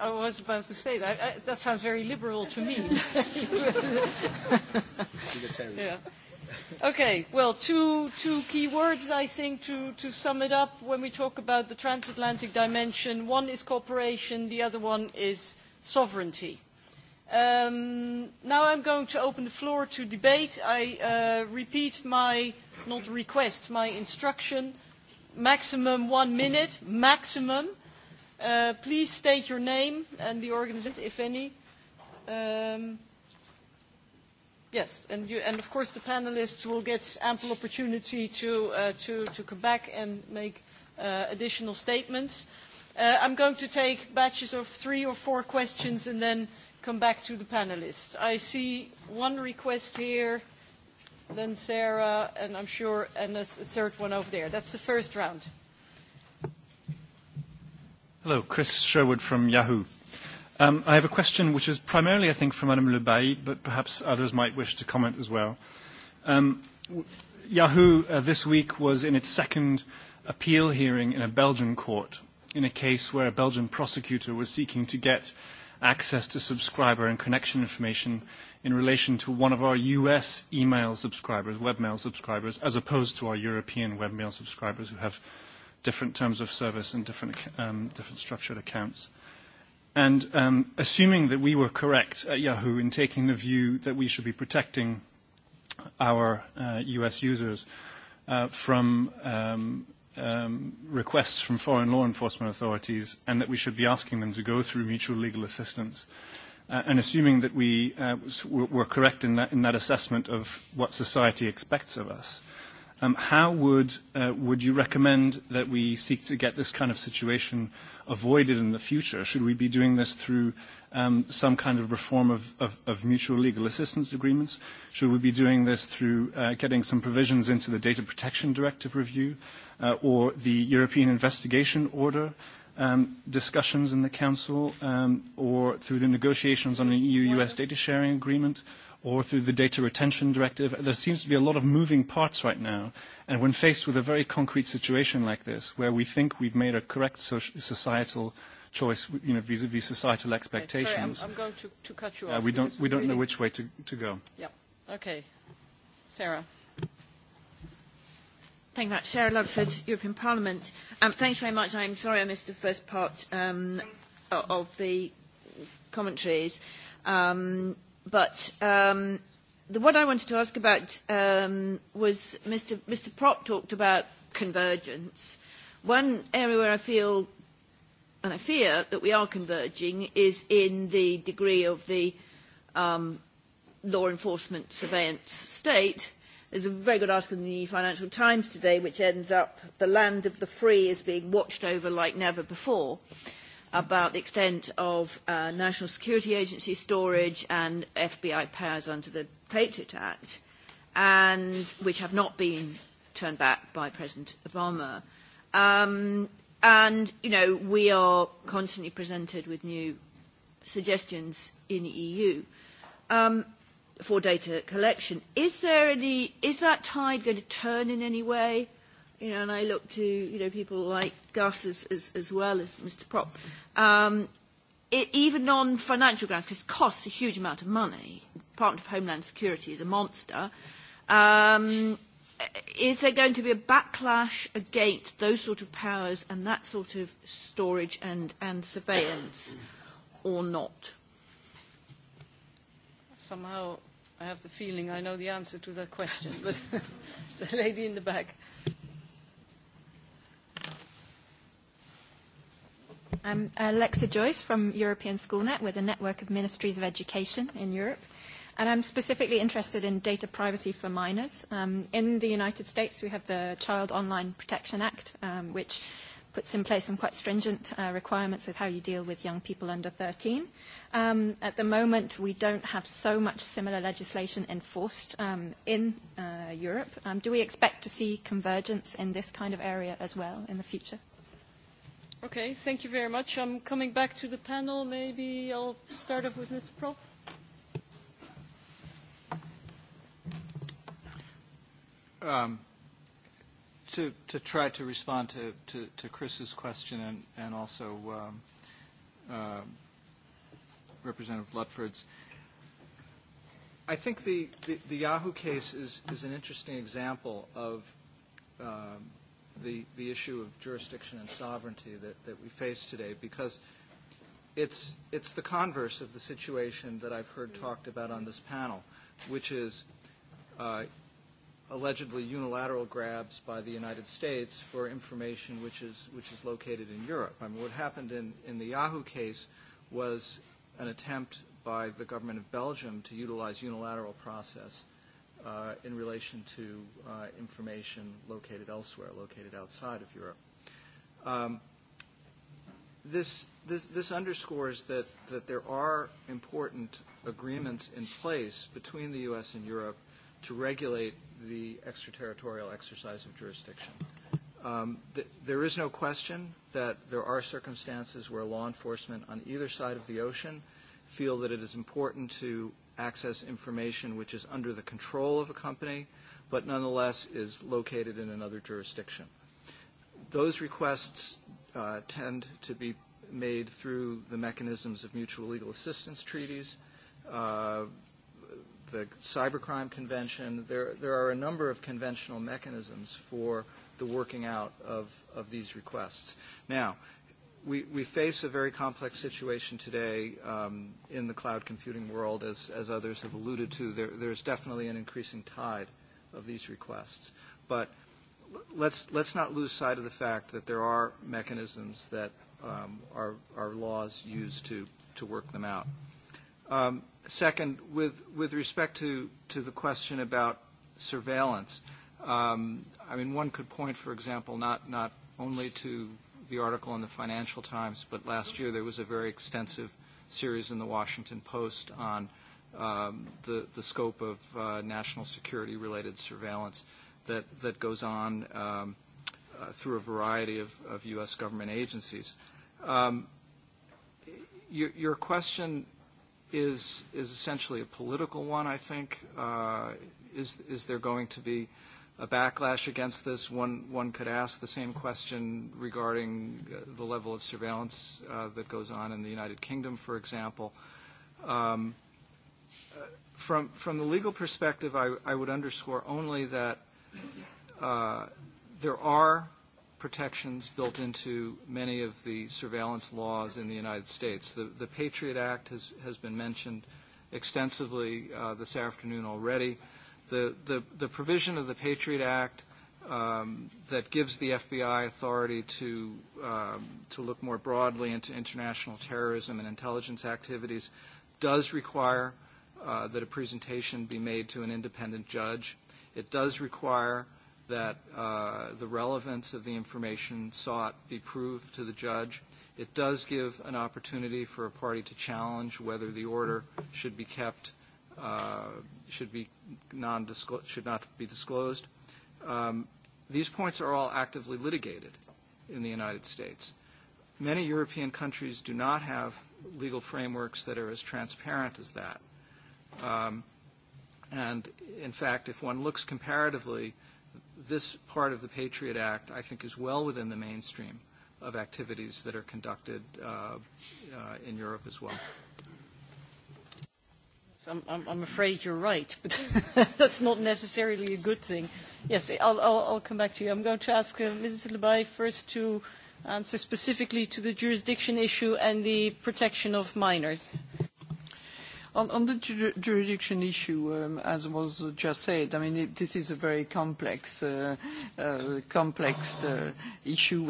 I was about to say that. That sounds very liberal to me. Okay, well, two key words, I think, to sum it up when we talk about the transatlantic dimension. One is cooperation, the other one is sovereignty Now I'm going to open the floor to debate. I repeat my, not request, my instruction, maximum one minute, maximum. Please state your name and the organisation, if any. Yes, and of course the panelists will get ample opportunity to come back and make additional statements. I'm going to take batches of three or four questions and then come back to the panelists. I see one request here, then Sarah, and I'm sure, and a third one over there. That's the first round. Hello, Chris Sherwood from Yahoo. I have a question which is primarily, I think, for Madame Le Bailly, but perhaps others might wish to comment as well. Yahoo this week was in its second appeal hearing in a Belgian court in a case where a Belgian prosecutor was seeking to get access to subscriber and connection information in relation to one of our US email subscribers, webmail subscribers, as opposed to our European webmail subscribers who have different terms of service and different structured accounts. And assuming that we were correct at Yahoo in taking the view that we should be protecting our US users from requests from foreign law enforcement authorities and that we should be asking them to go through mutual legal assistance. And assuming that we were correct in that assessment of what society expects of us, how would you recommend that we seek to get this kind of situation avoided in the future? Should we be doing this through some kind of reform of mutual legal assistance agreements? Should we be doing this through getting some provisions into the Data Protection Directive review or the European Investigation Order discussions in the Council or through the negotiations on an EU-US data sharing agreement? or through the data retention directive. There seems to be a lot of moving parts right now. And when faced with a very concrete situation like this, where we think we've made a correct societal choice, you know, vis-à-vis societal expectations. I'm going to cut you off. We don't we don't know which way to go. Yeah. Okay. Sarah. Thank you much. Sarah Ludford, European Parliament. Thanks very much. I'm sorry I missed the first part of the commentaries. But what I wanted to ask about was Mr. Propp talked about convergence. One area where I feel and I fear that we are converging, is in the degree of the law enforcement surveillance state. There's a very good article in the Financial Times today which ends up the land of the free is being watched over like never before about the extent of National Security Agency storage and FBI powers under the Patriot Act, and which have not been turned back by President Obama. Um And, you know, we are constantly presented with new suggestions in the EU for data collection. Is there any, is that tide going to turn in any way? You know, and I look to, you know, people like Gus as, as, well as Mr. Prop. Um, even on financial grounds, because it costs a huge amount of money. Department of Homeland Security is a monster. Um, is there going to be a backlash against those sort of powers and that sort of storage and, and surveillance or not? Somehow I have the feeling I know the answer to that question, but the lady in the back. I'm Alexa Joyce from European Schoolnet with a network of ministries of education in Europe. And I'm specifically interested in data privacy for minors. In the United States, we have the Child Online Protection Act, which puts in place some quite stringent requirements with how you deal with young people under 13. At the moment, we don't have so much similar legislation enforced in Europe. Do we expect to see convergence in this kind of area as well in the future? Okay, thank you very much. I'm coming back to the panel. Maybe I'll start off with Mr. Propp. To try to respond to Chris's question and also Representative Lutford's, I think the Yahoo case is an interesting example of the issue of jurisdiction and sovereignty that we face today because it's the converse of the situation that I've heard talked about on this panel, which is allegedly unilateral grabs by the United States for information which is which is located in Europe. I mean, what happened in in the Yahoo case was an attempt by the government of Belgium to utilize unilateral process in relation to information located elsewhere, located outside of Europe. Um, this, this, this underscores that, that there are important agreements in place between the U.S. and Europe to regulate the extraterritorial exercise of jurisdiction. There is no question that there are circumstances where law enforcement on either side of the ocean feel that it is important to access information which is under the control of a company, but nonetheless is located in another jurisdiction. Those requests tend to be made through the mechanisms of mutual legal assistance treaties, the Cybercrime Convention. There, there are a number of conventional mechanisms for the working out of, of these requests. Now, we, we face a very complex situation today um, in the cloud computing world, as, as others have alluded to. There, there's definitely an increasing tide of these requests. But let's, let's not lose sight of the fact that there are mechanisms that um, our, laws use to, to work them out. Um, Second, with with respect to to the question about surveillance, I mean, one could point, for example, not not only to the article in the Financial Times, but last year there was a very extensive series in the Washington Post on the the scope of national security related surveillance that that goes on through a variety of of U.S. government agencies. Your question is is essentially a political one, I think. Is there going to be a backlash against this? One one could ask the same question regarding the level of surveillance that goes on in the United Kingdom, for example. From from the legal perspective, I would underscore only that there are protections built into many of the surveillance laws in the United States. The, the Patriot Act has, has been mentioned extensively uh, this afternoon already. The, the, the provision of the Patriot Act um, that gives the FBI authority to, um, to look more broadly into international terrorism and intelligence activities does require uh, that a presentation be made to an independent judge. It does require that the relevance of the information sought be proved to the judge. It does give an opportunity for a party to challenge whether the order should be kept, should be non should not be disclosed. These points are all actively litigated in the United States. Many European countries do not have legal frameworks that are as transparent as that. And in fact, if one looks comparatively this part of the Patriot Act, I think, is well within the mainstream of activities that are conducted in Europe as well. I'm afraid you're right, but that's not necessarily a good thing. Yes, I'll come back to you. I'm going to ask Mrs. Lebay first to answer specifically to the jurisdiction issue and the protection of minors. On the jurisdiction issue, as was just said, I mean, this is a very complex issue,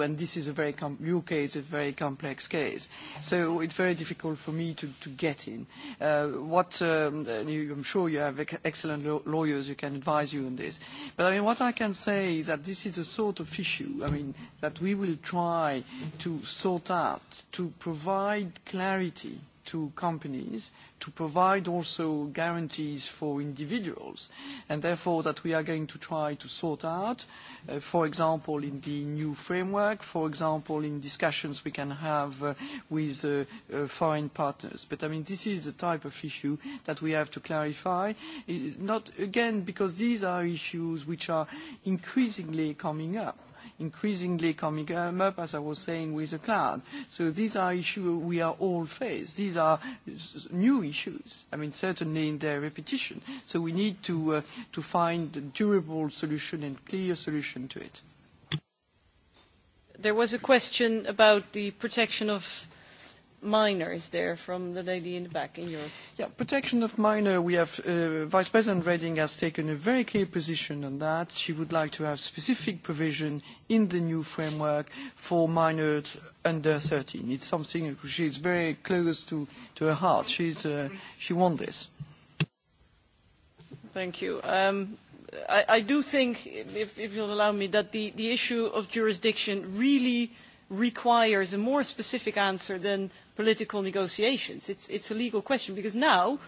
and this is a very U.K. is a very complex case. So it's very difficult for me to get in. What I'm sure you have excellent lawyers who can advise you on this. But I mean, what I can say is that this is a sort of issue, I mean, that we will try to sort out, to provide clarity to companies, to provide also guarantees for individuals, and therefore that we are going to try to sort out, for example, in the new framework, for example, in discussions we can have with foreign partners. But, I mean, this is the type of issue that we have to clarify, not again, because these are issues which are increasingly coming up increasingly coming up, as I was saying, with the cloud. So these are issues we are all faced. These are new issues. I mean, certainly in their repetition. So we need to find a durable solution and clear solution to it. There was a question about the protection of minors there from the lady in the back in Europe. Yeah, protection of minor. We have Vice President Reding has taken a very clear position on that. She would like to have specific provision in the new framework for minors under 13. It's something she is very close to to her heart. She's she wants this. Thank you. I do think, if you'll allow me, that the issue of jurisdiction really requires a more specific answer than political negotiations. It's a legal question because now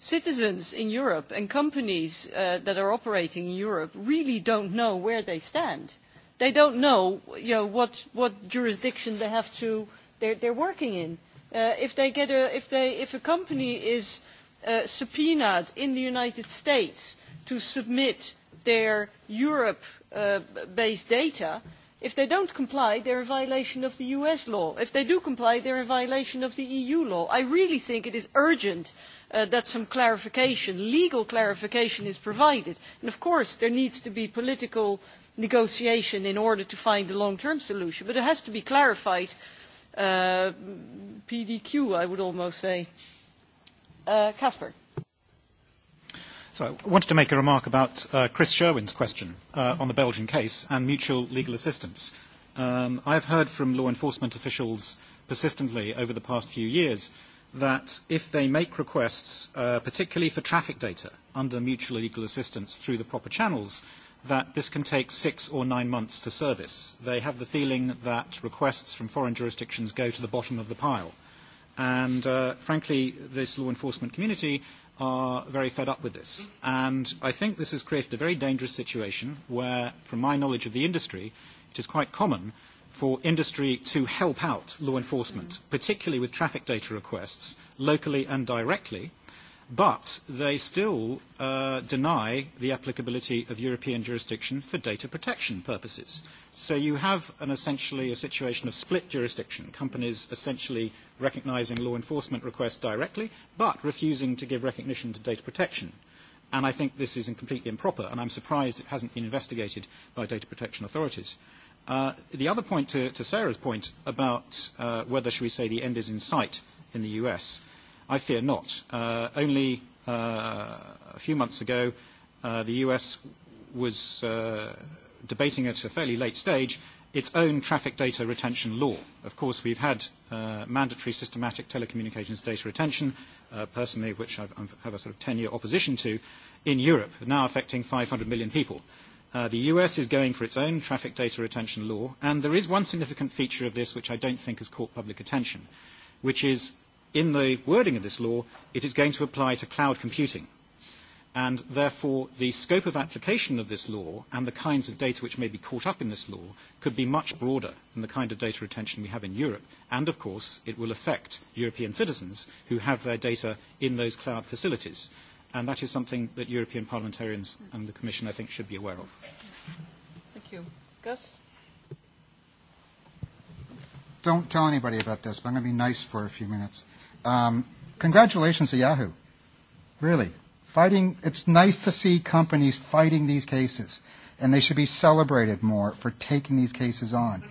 citizens in Europe and companies that are operating in Europe really don't know where they stand. They don't know what jurisdiction they have to they're working in. If they get if a company is subpoenaed in the United States to submit their Europe-based data If they don't comply, they are in violation of the US law. If they do comply, they are in violation of the EU law. I really think it is urgent that some clarification, legal clarification, is provided. And of course, there needs to be political negotiation in order to find a long-term solution, but it has to be clarified. PDQ, I would almost say. Casper. I wanted to make a remark about Chris Sherwin's question on the Belgian case and mutual legal assistance. I have heard from law enforcement officials persistently over the past few years that if they make requests, particularly for traffic data, under mutual legal assistance through the proper channels, that this can take six or nine months to service. They have the feeling that requests from foreign jurisdictions go to the bottom of the pile. And frankly, this law enforcement community are very fed up with this. And I think this has created a very dangerous situation where, from my knowledge of the industry, it is quite common for industry to help out law enforcement, particularly with traffic data requests, locally and directly, but they still deny the applicability of European jurisdiction for data protection purposes. So you have essentially a situation of split jurisdiction, companies essentially recognising law enforcement requests directly, but refusing to give recognition to data protection. And I think this is completely improper, and I'm surprised it hasn't been investigated by data protection authorities. The other point, to Sarah's point, about whether, should we say, the end is in sight in the US, I fear not. Only a few months ago, the US was debating at a fairly late stage its own traffic data retention law. Of course, we've had mandatory systematic telecommunications data retention, personally, which I have a sort of 10-year opposition to, in Europe, now affecting 500 million people. The US is going for its own traffic data retention law, and there is one significant feature of this which I don't think has caught public attention, which is in the wording of this law, it is going to apply to cloud computing. And therefore, the scope of application of this law and the kinds of data which may be caught up in this law could be much broader than the kind of data retention we have in Europe. And, of course, it will affect European citizens who have their data in those cloud facilities. And that is something that European parliamentarians and the Commission, I think, should be aware of. Thank you. Gus? Don't tell anybody about this, but I'm going to be nice for a few minutes. Um, congratulations to Yahoo. Really. Fighting, it's nice to see companies fighting these cases, and they should be celebrated more for taking these cases on.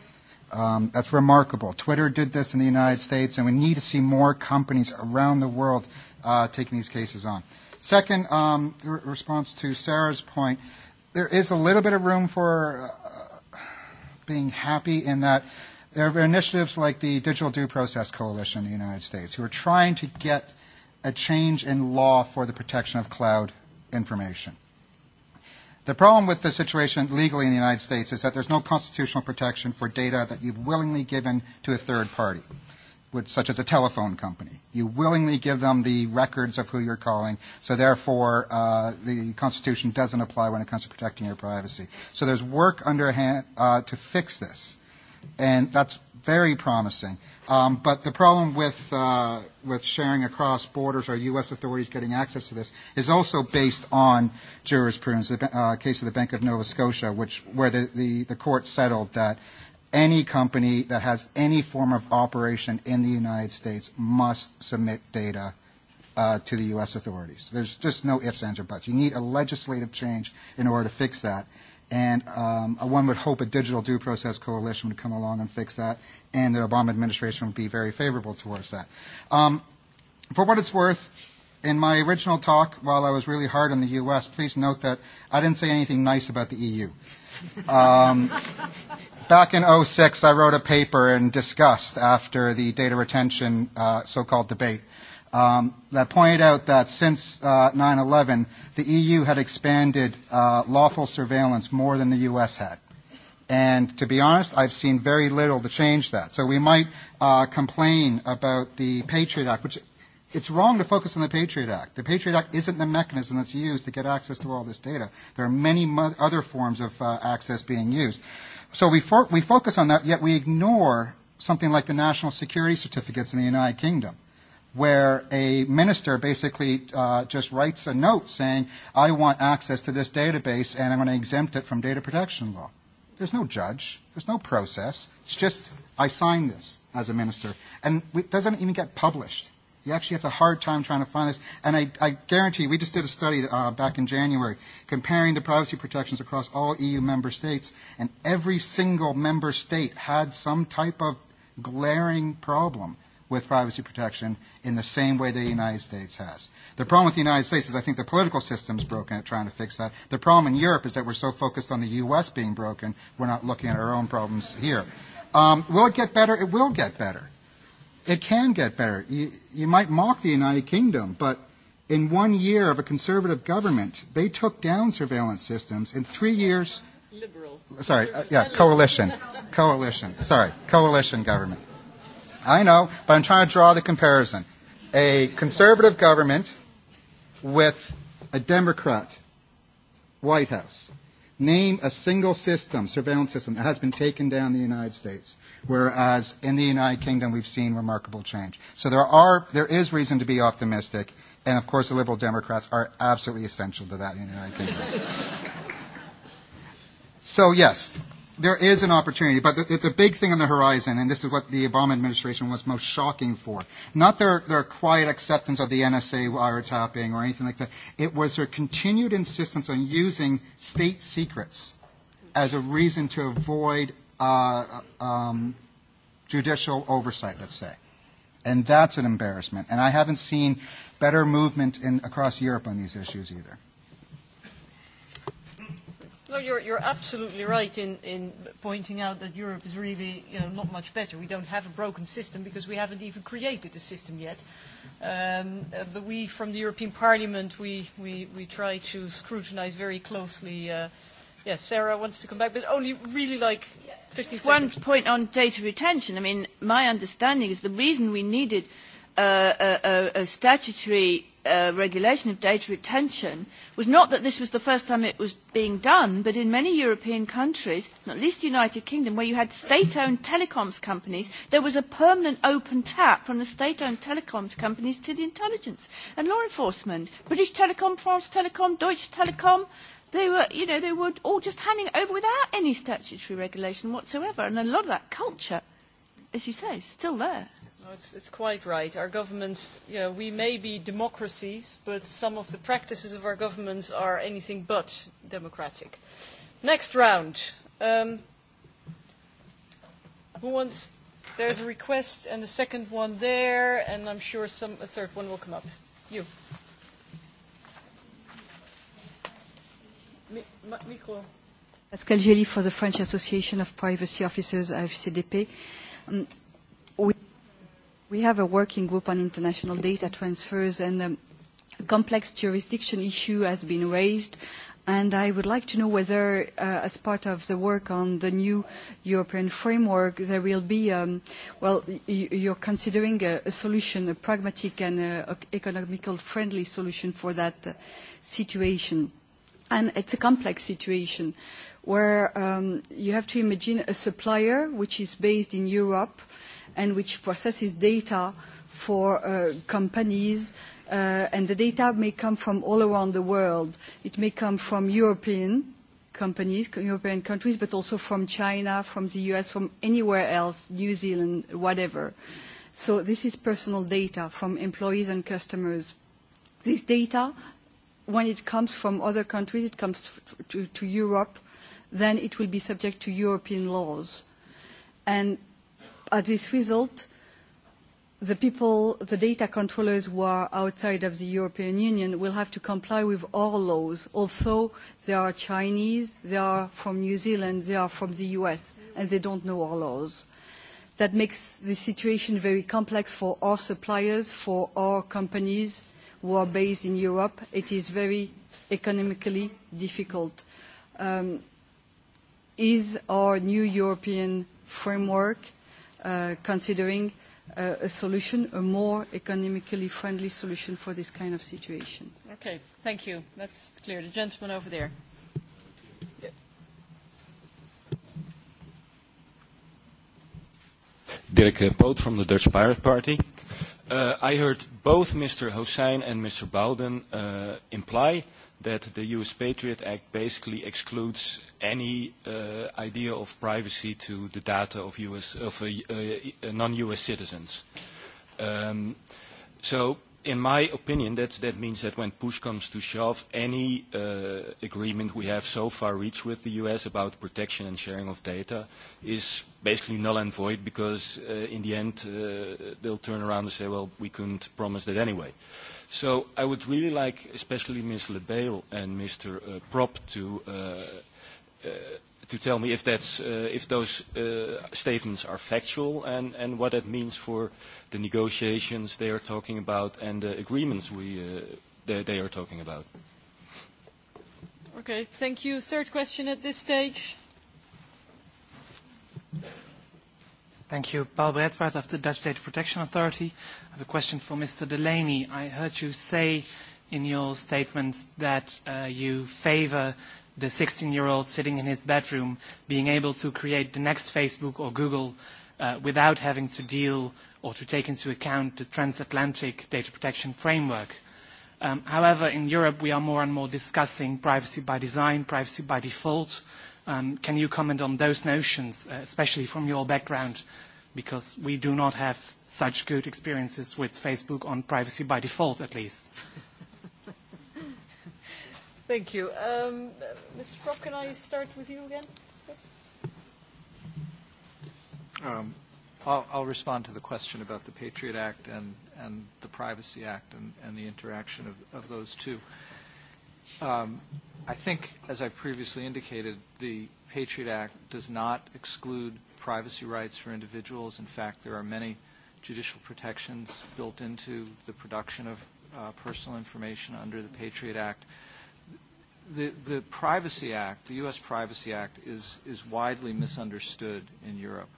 Um, that's remarkable. Twitter did this in the United States, and we need to see more companies around the world uh, taking these cases on. Second, um, response to Sarah's point, there is a little bit of room for being happy in that There are initiatives like the Digital Due Process Coalition in the United States who are trying to get a change in law for the protection of cloud information. The problem with the situation legally in the United States is that there's no constitutional protection for data that you've willingly given to a third party, such as a telephone company. You willingly give them the records of who you're calling, so therefore the Constitution doesn't apply when it comes to protecting your privacy. So there's work underhand to fix this and that's very promising. Um, but the problem with, uh, with sharing across borders or U.S. authorities getting access to this is also based on jurisprudence. The case of the Bank of Nova Scotia, which, where the, the, court settled that any company that has any form of operation in the United States must submit data to the U.S. authorities. There's just no ifs, ands, or buts. You need a legislative change in order to fix that. And um one would hope a digital due process coalition would come along and fix that, and the Obama administration would be very favorable towards that. Um For what it's worth, in my original talk, while I was really hard on the U.S., please note that I didn't say anything nice about the EU. Back in 06, I wrote a paper in discussed after the data retention so-called debate that pointed out that since 9/11, the EU had expanded lawful surveillance more than the U.S. had. And to be honest, I've seen very little to change that. So we might complain about the Patriot Act, which it's wrong to focus on the Patriot Act. The Patriot Act isn't the mechanism that's used to get access to all this data. There are many other forms of access being used. So we we focus on that, yet we ignore something like the national security certificates in the United Kingdom where a minister basically just writes a note saying, I want access to this database and I'm going to exempt it from data protection law. There's no judge. There's no process. It's just, I signed this as a minister. And it doesn't even get published. You actually have a hard time trying to find this. And I, I guarantee you, we just did a study back in January comparing the privacy protections across all EU member states, and every single member state had some type of glaring problem with privacy protection in the same way the United States has. The problem with the United States is I think the political system's broken at trying to fix that. The problem in Europe is that we're so focused on the U.S. being broken, we're not looking at our own problems here. Um, will it get better? It will get better. It can get better. You, you might mock the United Kingdom, but in one year of a conservative government, they took down surveillance systems. In three years, liberal. Sorry, yeah, coalition, coalition. Sorry, coalition government. I know, but I'm trying to draw the comparison. A conservative government with a Democrat White House. Name a single system, surveillance system, that has been taken down in the United States, whereas in the United Kingdom we've seen remarkable change. So there are there is reason to be optimistic, and of course the Liberal Democrats are absolutely essential to that in the United Kingdom. So yes, there is an opportunity, but the, the big thing on the horizon, and this is what the Obama administration was most shocking for, not their, their quiet acceptance of the NSA wiretapping or anything like that, it was their continued insistence on using state secrets as a reason to avoid uh, um, judicial oversight, let's say. And that's an embarrassment. And I haven't seen better movement in, across Europe on these issues either. No, you're, you're absolutely right in, in pointing out that Europe is really you know, not much better. We don't have a broken system because we haven't even created a system yet. Um, but we, from the European Parliament, we, we, we try to scrutinize very closely. Uh, yes, Sarah wants to come back, but only really like 50 One point on data retention. I mean, my understanding is the reason we needed uh, a, a, a statutory uh, regulation of data retention was not that this was the first time it was being done, but in many European countries, not least the United Kingdom, where you had state-owned telecoms companies, there was a permanent open tap from the state-owned telecoms companies to the intelligence and law enforcement. British Telecom, France Telecom, Deutsche Telecom, they were, you know, they were all just handing over without any statutory regulation whatsoever. And a lot of that culture, as you say, is still there it's, it's quite right. Our governments, you know, we may be democracies, but some of the practices of our governments are anything but democratic. Next round. Um, who wants? There's a request and a second one there, and I'm sure some a third one will come up. You. Micro. Pascal Gelli for the French Association of Privacy Officers, AFCDP. We We have a working group on international data transfers, and a complex jurisdiction issue has been raised. And I would like to know whether, as part of the work on the new European framework, there will be, well, you're considering a solution, a pragmatic and economical friendly solution for that situation. And it's a complex situation where you have to imagine a supplier which is based in Europe and which processes data for companies and the data may come from all around the world. It may come from European companies, European countries, but also from China, from the US, from anywhere else, New Zealand, whatever. So this is personal data from employees and customers. This data, when it comes from other countries, it comes to Europe, then it will be subject to European laws. And As this result, the people, the data controllers who are outside of the European Union will have to comply with our laws, although they are Chinese, they are from New Zealand, they are from the US, and they don't know our laws. That makes the situation very complex for our suppliers, for our companies who are based in Europe. It is very economically difficult. Is our new European framework considering a solution, a more economically friendly solution for this kind of situation. Okay, thank you. That's clear. The gentleman over there. Dirk Poot from the Dutch Pirate Party. I heard both Mr. Hossein and Mr. Bowden imply that the US Patriot Act basically excludes any idea of privacy to the data of US of non-US citizens. So, in my opinion, that means that when push comes to shove, any agreement we have so far reached with the US about protection and sharing of data is basically null and void because in the end they'll turn around and say, well, we couldn't promise that anyway. So I would really like, especially Ms. bail and Mr. Prop, to to tell me if that's if those statements are factual and and what that means for the negotiations they are talking about and the agreements we they are talking about. Okay, thank you. Third question at this stage. Thank you. Paul Breitbart of the Dutch Data Protection Authority. I have a question for Mr. Delaney. I heard you say in your statement that you favor the 16-year-old sitting in his bedroom being able to create the next Facebook or Google without having to deal or to take into account the transatlantic data protection framework. However, in Europe, we are more and more discussing privacy by design, privacy by default, Can you comment on those notions, especially from your background, because we do not have such good experiences with Facebook on privacy by default, at least. Thank you. Mr. Prop, can I start with you again? I'll respond to the question about the Patriot Act and the Privacy Act and the interaction of those two. I think, as I previously indicated, the Patriot Act does not exclude privacy rights for individuals. In fact, there are many judicial protections built into the production of personal information under the Patriot Act. The Privacy Act, the U.S. Privacy Act, is widely misunderstood in Europe.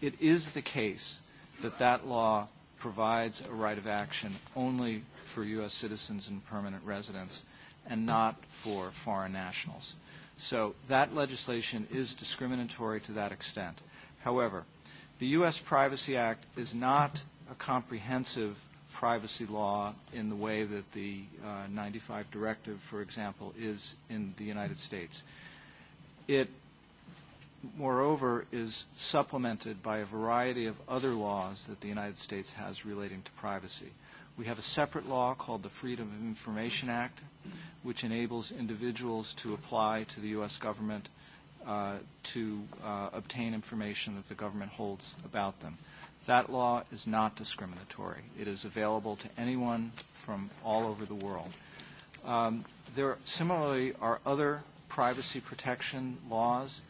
It is the case that that law provides a right of action only for U.S. citizens and permanent residents and not for foreign nationals. So that legislation is discriminatory to that extent. However, the U.S. Privacy Act is not a comprehensive privacy law in the way that the 95 Directive, for example, is in the United States. It, moreover, is supplemented by a variety of other laws that the United States has relating to privacy. We have a separate law called the Freedom of Information Act, which enables individuals to apply to the U.S. government to obtain information that the government holds about them. That law is not discriminatory. It is available to anyone from all over the world. There similarly are other privacy protection laws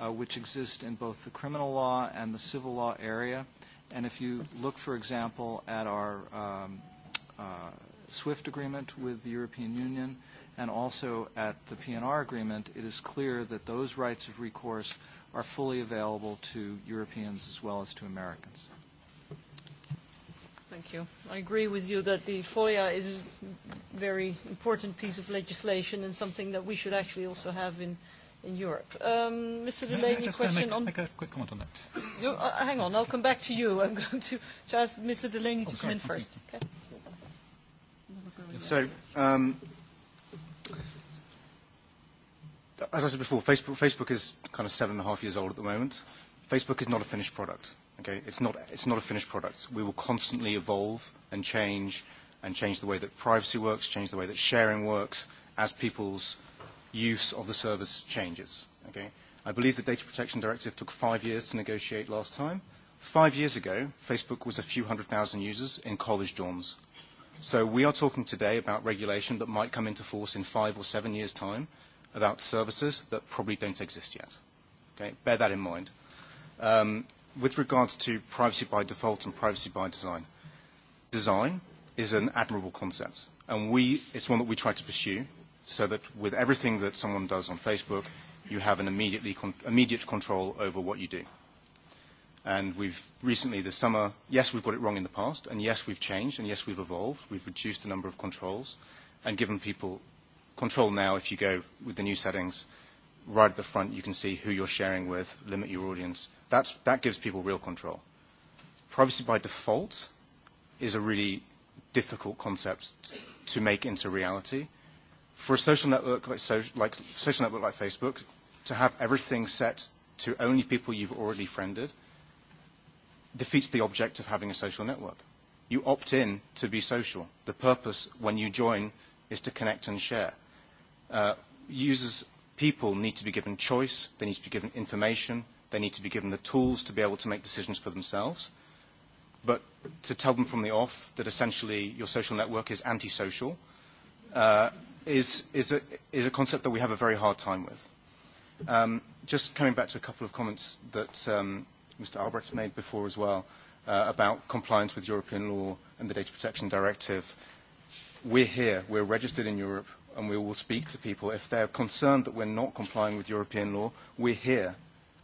which exist in both the criminal law and the civil law area. And if you look, for example, at our SWIFT agreement with the European Union and also at the PNR agreement, it is clear that those rights of recourse are fully available to Europeans as well as to Americans. Thank you. I agree with you that the FOIA is a very important piece of legislation and something that we should actually also have in in Europe. Um, Mr. Delaney, question on... Make a quick comment on that. hang on, I'll come back to you. I'm going to ask Mr. Delaney to come in first. Okay. So, um, as I said before, Facebook, Facebook is kind of seven and a half years old at the moment. Facebook is not a finished product. Okay, it's not, it's not a finished product. We will constantly evolve and change and change the way that privacy works, change the way that sharing works as people's use of the service changes. Okay? I believe the Data Protection Directive took five years to negotiate last time. Five years ago, Facebook was a few hundred thousand users in college dorms So we are talking today about regulation that might come into force in five or seven years' time, about services that probably don't exist yet. Okay, bear that in mind. With regards to privacy by default and privacy by design, design is an admirable concept, and we it's one that we try to pursue, so that with everything that someone does on Facebook, you have an immediate control over what you do. And we've recently, this summer, yes, we've got it wrong in the past, and yes, we've changed, and yes, we've evolved. We've reduced the number of controls and given people control now. If you go with the new settings, right at the front, you can see who you're sharing with, limit your audience. That gives people real control. Privacy by default is a really difficult concept to make into reality. For a social network like social network like Facebook, to have everything set to only people you've already friended defeats the object of having a social network. You opt in to be social. The purpose when you join is to connect and share. Users, people need to be given choice, they need to be given information, they need to be given the tools to be able to make decisions for themselves. But to tell them from the off that essentially your social network is antisocial is a concept that we have a very hard time with. Just coming back to a couple of comments that Mr. Albrecht made before as well, about compliance with European law and the Data Protection Directive. We're here, we're registered in Europe, and we will speak to people. If they're concerned that we're not complying with European law, we're here.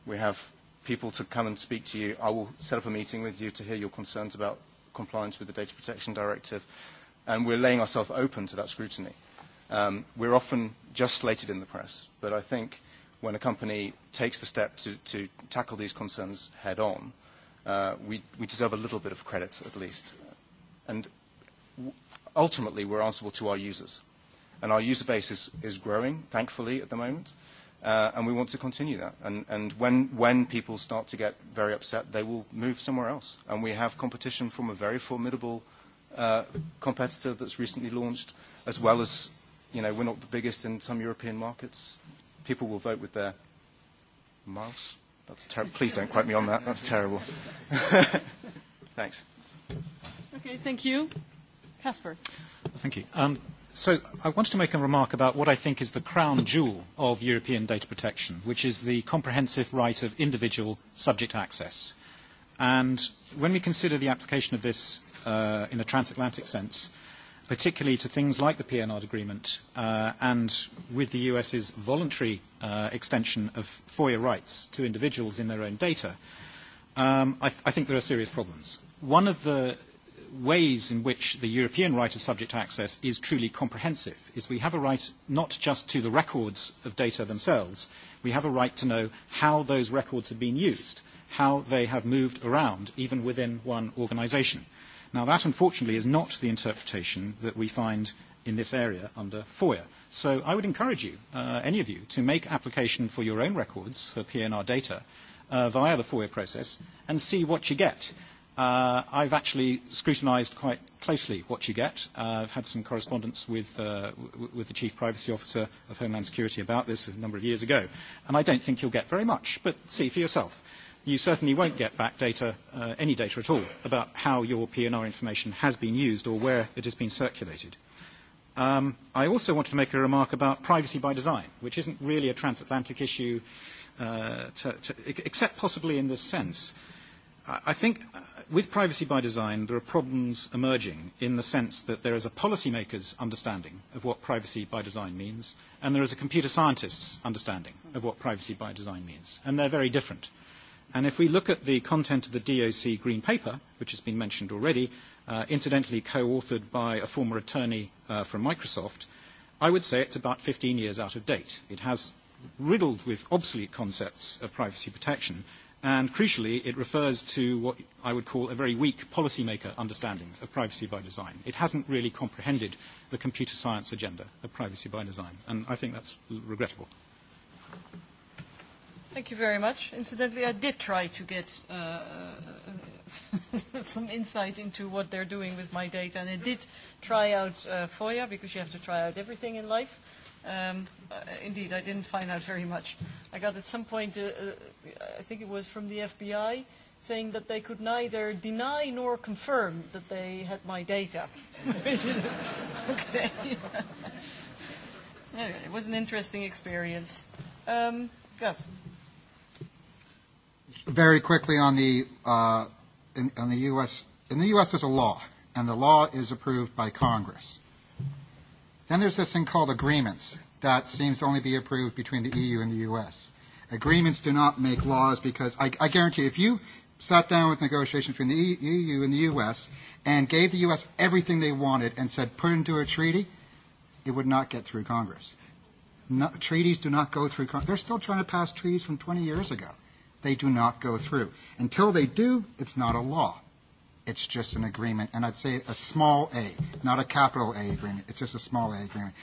We have people to come and speak to you. I will set up a meeting with you to hear your concerns about compliance with the Data Protection Directive. And we're laying ourselves open to that scrutiny. We're often just slated in the press, but I think when a company takes the step to tackle these concerns head on, we deserve a little bit of credit at least. And ultimately, we're answerable to our users. And our user base is growing, thankfully, at the moment, and we want to continue that. And when people start to get very upset, they will move somewhere else. And we have competition from a very formidable competitor that's recently launched, as well as, you know, we're not the biggest in some European markets people will vote with their mouse. That's Please don't quote me on that. That's terrible. Thanks. Okay, thank you. Casper. Thank you. Um, so I wanted to make a remark about what I think is the crown jewel of European data protection, which is the comprehensive right of individual subject access. And when we consider the application of this in a transatlantic sense, particularly to things like the PNR agreement and with the US's voluntary extension of FOIA rights to individuals in their own data, I think there are serious problems. One of the ways in which the European right of subject access is truly comprehensive is we have a right not just to the records of data themselves, we have a right to know how those records have been used, how they have moved around even within one organisation Now, that, unfortunately, is not the interpretation that we find in this area under FOIA. So I would encourage you, any of you, to make application for your own records for PNR data via the FOIA process and see what you get. I've actually scrutinised quite closely what you get. I've had some correspondence with the Chief Privacy Officer of Homeland Security about this a number of years ago, and I don't think you'll get very much, but see for yourself you certainly won't get back data, any data at all, about how your PNR information has been used or where it has been circulated. I also wanted to make a remark about privacy by design, which isn't really a transatlantic issue, except possibly in this sense. I think with privacy by design, there are problems emerging in the sense that there is a policymaker's understanding of what privacy by design means, and there is a computer scientist's understanding of what privacy by design means, and they're very different. And if we look at the content of the DOC Green Paper, which has been mentioned already, incidentally co-authored by a former attorney from Microsoft, I would say it's about 15 years out of date. It has riddled with obsolete concepts of privacy protection, and crucially, it refers to what I would call a very weak policymaker understanding of privacy by design. It hasn't really comprehended the computer science agenda of privacy by design, and I think that's regrettable. Thank you very much. Incidentally, I did try to get some insight into what they're doing with my data, and I did try out FOIA because you have to try out everything in life. Indeed, I didn't find out very much. I got at some point, I think it was from the FBI, saying that they could neither deny nor confirm that they had my data. Okay. It was an interesting experience. Yes. Very quickly on the uh, in, on the U.S. In the U.S. there's a law, and the law is approved by Congress. Then there's this thing called agreements that seems to only be approved between the EU and the U.S. Agreements do not make laws because I, I guarantee if you sat down with negotiations between the EU and the U.S. and gave the U.S. everything they wanted and said put into a treaty, it would not get through Congress. treaties do not go through Congress. They're still trying to pass treaties from 20 years ago they do not go through. Until they do, it's not a law. It's just an agreement, and I'd say a small A, not a capital A agreement. It's just a small A agreement.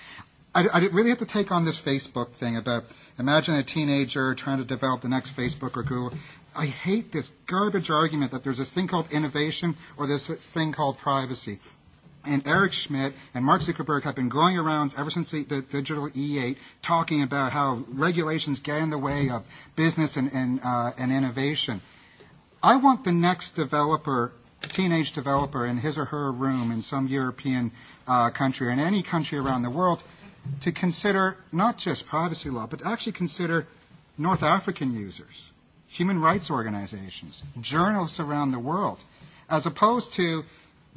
I really have to take on this Facebook thing about imagine a teenager trying to develop the next Facebook or Google. I hate this garbage argument that there's this thing called innovation or this thing called privacy and Eric Schmidt and Mark Zuckerberg have been going around ever since the, the digital E8 talking about how regulations get in the way of business and, and, uh, and innovation. I want the next developer, teenage developer in his or her room in some European uh, country or in any country around the world to consider not just privacy law, but to actually consider North African users, human rights organizations, journalists around the world, as opposed to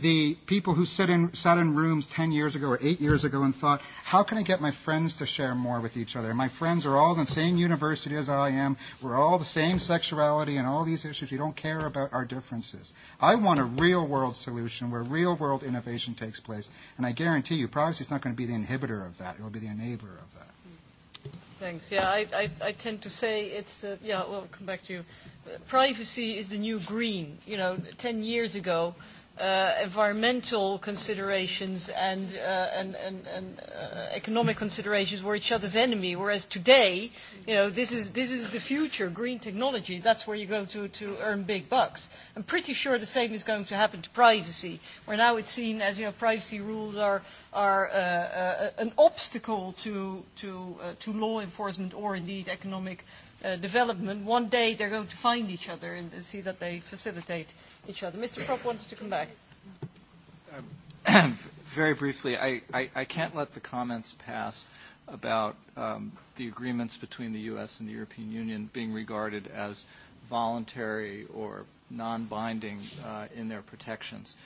the people who sit in, sat in rooms 10 years ago or 8 years ago and thought, how can I get my friends to share more with each other? My friends are all in the same university as I am. We're all the same sexuality and all these issues. We don't care about our differences. I want a real-world solution where real-world innovation takes place. And I guarantee you, privacy is not going to be the inhibitor of that. It will be the enabler of that. Thanks. Yeah, I, I, I tend to say it's, uh, yeah, well, come back to you. Privacy is the new green. You know, 10 years ago, environmental considerations and economic considerations were each other's enemy, whereas today, you know, this is this is the future, green technology. That's where you go to to earn big bucks. I'm pretty sure the same is going to happen to privacy, where now it's seen as, you know, privacy rules are are an obstacle to to to law enforcement or indeed economic development, one day they're going to find each other and see that they facilitate each other. Mr. Prop wanted to come back. Very briefly, I can't let the comments pass about the agreements between the U.S. and the European Union being regarded as voluntary or non-binding in their protections.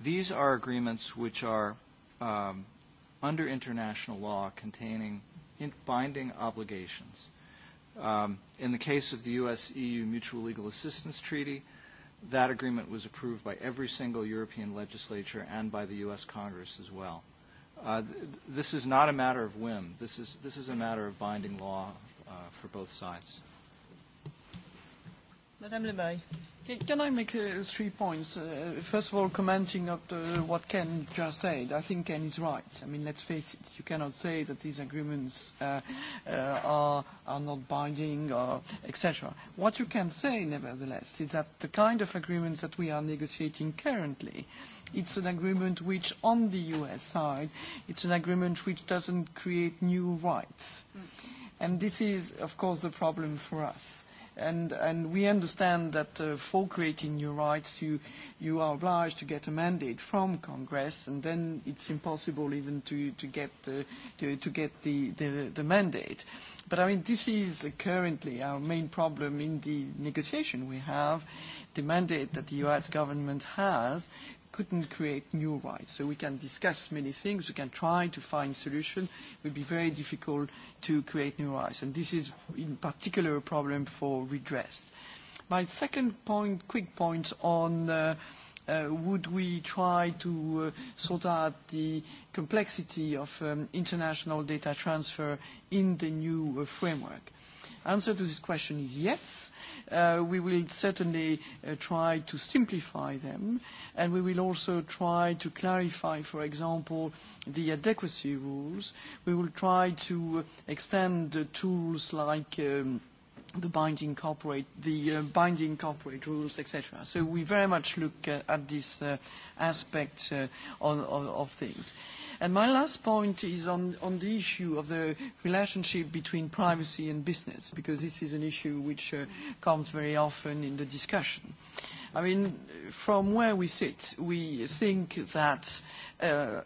These are agreements which are under international law containing binding obligations In the case of the U.S.-EU Mutual Legal Assistance Treaty, that agreement was approved by every single European legislature and by the U.S. Congress as well. This is not a matter of whim. This is a matter of binding law for both sides. Madame Le Can I make three points? First of all, commenting on what Ken just said, I think Ken is right. I mean, let's face it, you cannot say that these agreements are not binding or etc. What you can say, nevertheless, is that the kind of agreements that we are negotiating currently, it's an agreement which, on the U.S. side, it's an agreement which doesn't create new rights. And this is, of course, the problem for us. And we understand that for creating new rights, you are obliged to get a mandate from Congress, and then it's impossible even to get the mandate. But I mean, this is currently our main problem in the negotiation we have, the mandate that the U.S. government has couldn't create new rights. So we can discuss many things, we can try to find solutions. It would be very difficult to create new rights. And this is in particular a problem for redress. My second point, quick point on would we try to sort out the complexity of international data transfer in the new framework? Answer to this question is yes we will certainly try to simplify them, and we will also try to clarify, for example, the adequacy rules. We will try to extend tools like the binding corporate, the binding corporate rules, etc. So we very much look at this aspect of things. And my last point is on the issue of the relationship between privacy and business, because this is an issue which comes very often in the discussion. I mean, from where we sit, we think that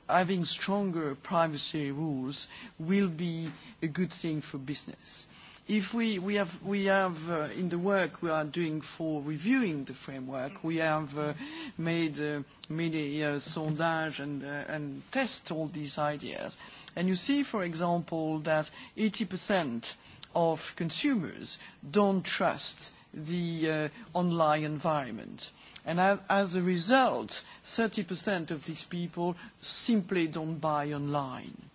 having stronger privacy rules will be a good thing for business. If we have in the work we are doing for reviewing the framework, we have made many sondages and and test all these ideas. And you see, for example, that 80% of consumers don't trust the online environment. And as a result, 30% of these people simply don't buy online.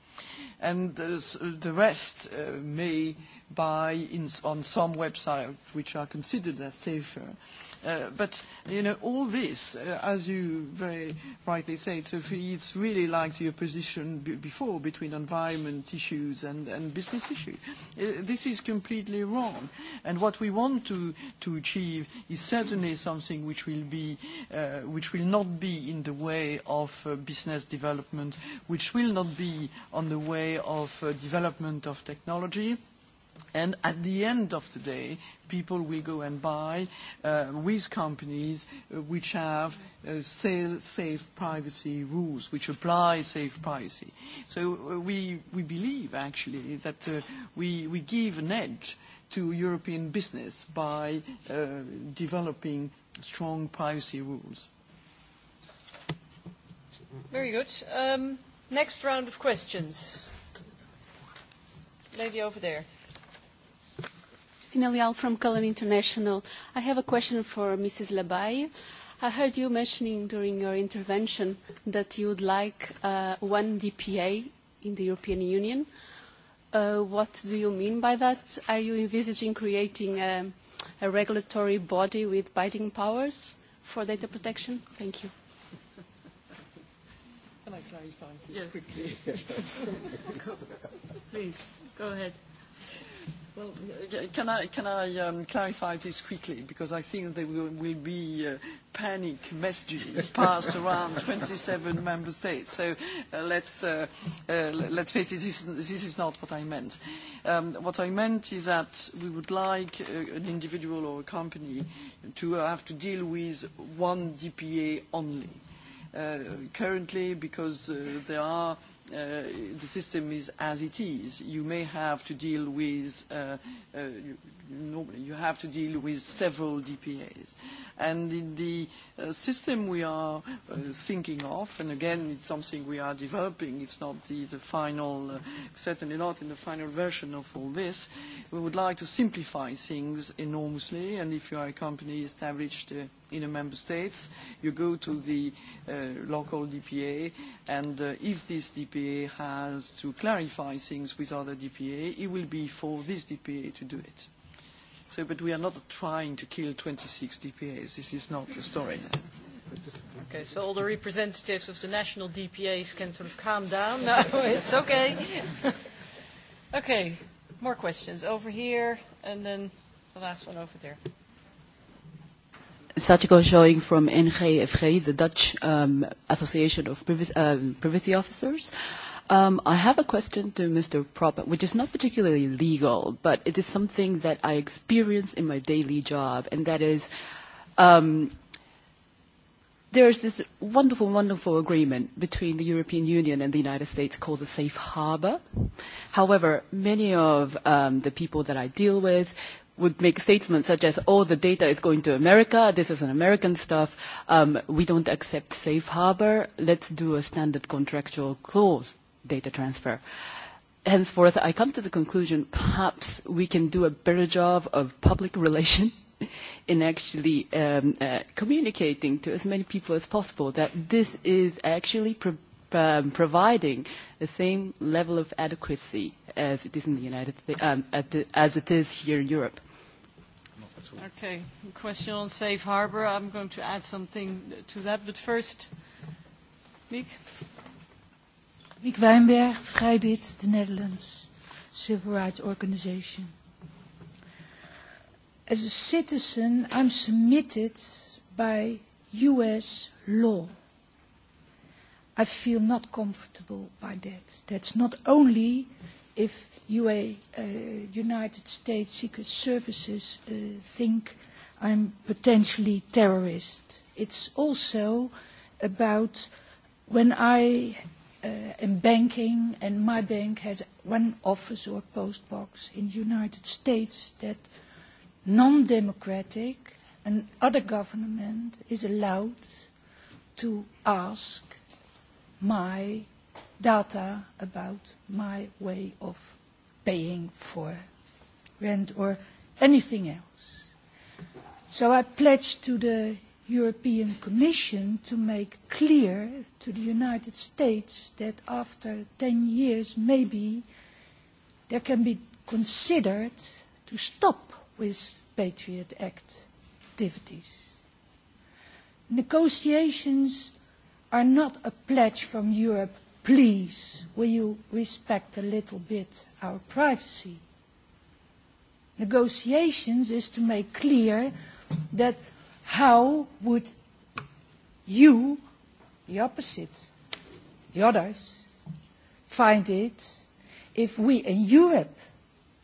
And the rest may by on some websites which are considered as safer. But you know all this, as you very rightly say, Sophie, it's really like your position before between environment issues and and business issues. This is completely wrong, and what we want to to achieve is certainly something which will be which will not be in the way of business development, which will not be on the way of development of technology And at the end of the day, people will go and buy with companies which have safe privacy rules, which apply safe privacy. So we believe, actually, that we give an edge to European business by developing strong privacy rules. Very good. Next round of questions. Lady over there. Christina Leal from Cullen International. I have a question for Mrs. Labaye. I heard you mentioning during your intervention that you would like one DPA in the European Union. What do you mean by that? Are you envisaging creating a regulatory body with binding powers for data protection? Thank you. Can I quickly? Please, go ahead. Well, can I, can I clarify this quickly? Because I think there will be panic messages passed around 27 member states. So let's, let's face it, this, this is not what I meant. what I meant is that we would like an individual or a company to have to deal with one DPA only currently because there are the system is as it is. You may have to deal with normally you have to deal with several DPAs. And in the system we are thinking of, and again it's something we are developing, it's not the final, certainly not in the final version of all this, we would like to simplify things enormously, and if you are a company established in a member state, you go to the local DPA, and if this DPA has to clarify things with other DPA, it will be for this DPA to do it. So, but we are not trying to kill 26 DPAs. This is not the story. Okay, so all the representatives of the national DPAs can sort of calm down now. It's okay. Okay, more questions over here, and then the last one over there. Satiko showing from NGFG, the Dutch Association of Privacy Officers. I have a question to Mr. Propper, which is not particularly legal, but it is something that I experience in my daily job, and that is there is this wonderful, wonderful agreement between the European Union and the United States called the Safe Harbor. However, many of the people that I deal with would make statements such as, oh, the data is going to America, this is an American stuff, we don't accept Safe Harbor, let's do a standard contractual clause data transfer. Henceforth, I come to the conclusion perhaps we can do a better job of public relation in actually communicating to as many people as possible that this is actually providing the same level of adequacy as it is in the United States, as it is here in Europe. Okay, question on safe harbor. I'm going to add something to that, but first, Meek. Mick Wijnberg, Vrijbid, the Netherlands Civil Rights Organization. As a citizen, I'm submitted by US law. I feel not comfortable by that. That's not only if UA, United States Secret Services think I'm potentially terrorist. It's also about when I In banking, and my bank has one office or post box in the United States that non-democratic and other government is allowed to ask my data about my way of paying for rent or anything else. So I pledge to the European Commission to make clear to the United States that after 10 years maybe there can be considered to stop with Patriot Act activities. Negotiations are not a pledge from Europe, please, will you respect a little bit our privacy. Negotiations is to make clear that how would you, the opposite, the others, find it if we in Europe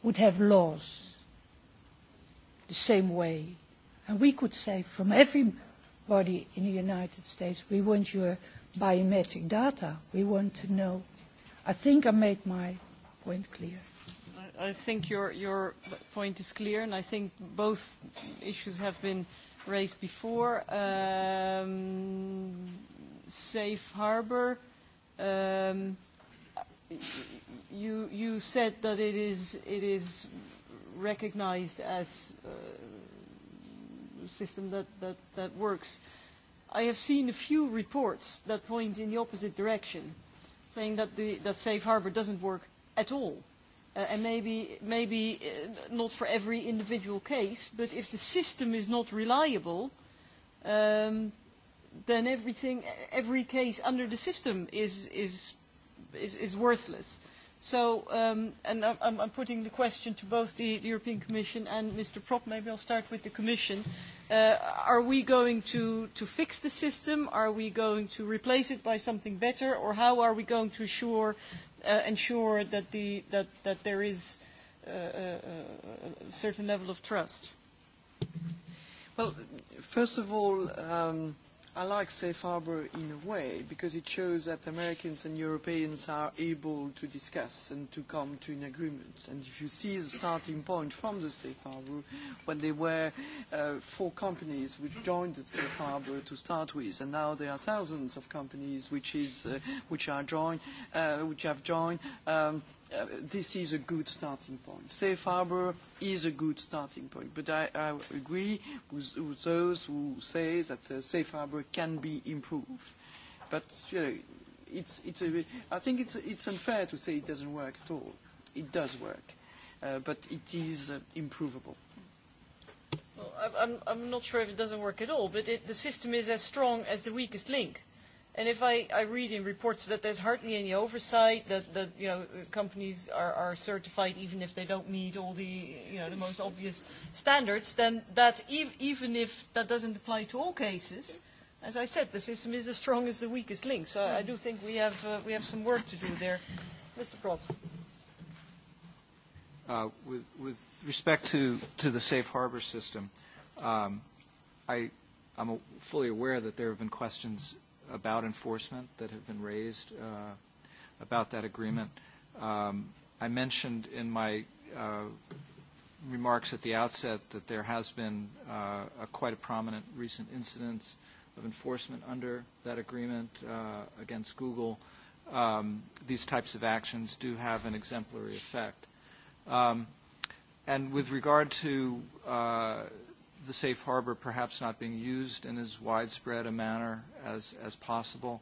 would have laws the same way? And we could say from everybody in the United States, we want your biometric data. We want to know. I think I made my point clear. I think your point is clear, and I think both issues have been raised before. Safe harbor. You you said that it is it is recognized as a system that that that works. I have seen a few reports that point in the opposite direction, saying that the that safe harbor doesn't work at all and maybe maybe not for every individual case, but if the system is not reliable, then everything, every case under the system is is is worthless. So, and I'm putting the question to both the European Commission and Mr. Prop. Maybe I'll start with the Commission. Are we going to to fix the system? Are we going to replace it by something better? Or how are we going to assure ensure that the that that there is a certain level of trust well first of all um I like Safe Harbor in a way because it shows that Americans and Europeans are able to discuss and to come to an agreement. And if you see the starting point from the Safe Harbor, when there were four companies which joined the Safe Harbor to start with, and now there are thousands of companies which which are joined, which have joined this is a good starting point. Safe harbour is a good starting point, but I, agree with, those who say that uh, safe harbour can be improved. But you know, it's, it's a, I think it's, it's unfair to say it doesn't work at all. It does work, but it is uh, improvable. Well, I'm, I'm not sure if it doesn't work at all, but the system is as strong as the weakest link And if I, I read in reports that there's hardly any oversight, that, that you know, companies are, are certified even if they don't meet all the, you know, the most obvious standards, then that even if that doesn't apply to all cases, as I said, the system is as strong as the weakest link. So I do think we have, uh, we have some work to do there. Mr. Prop. Uh, with, with respect to, to the safe harbor system, um, I, I'm fully aware that there have been questions about enforcement that have been raised about that agreement. I mentioned in my remarks at the outset that there has been quite a prominent recent incidence of enforcement under that agreement against Google. These types of actions do have an exemplary effect. And with regard to the safe harbor perhaps not being used in as widespread a manner as as possible.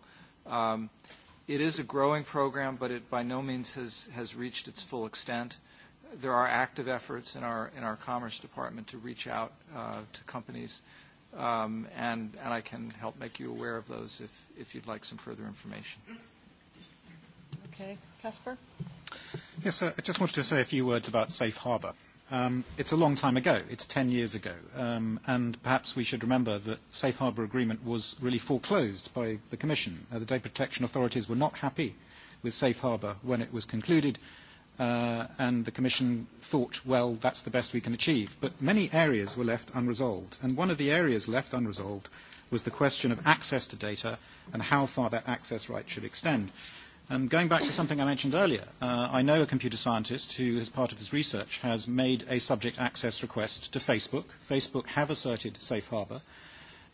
It is a growing program, but it by no means has has reached its full extent. There are active efforts in our in our Commerce Department to reach out to companies, and and I can help make you aware of those if if you'd like some further information. Okay, Casper. Yes, sir. I just wanted to say a few words about safe harbor. It's a long time ago. It's 10 years ago. And perhaps we should remember that Safe Harbour Agreement was really foreclosed by the Commission. The data protection authorities were not happy with Safe Harbour when it was concluded, and the Commission thought, well, that's the best we can achieve. But many areas were left unresolved, and one of the areas left unresolved was the question of access to data and how far that access right should extend. Going back to something I mentioned earlier, I know a computer scientist who, as part of his research, has made a subject access request to Facebook. Facebook have asserted safe harbour.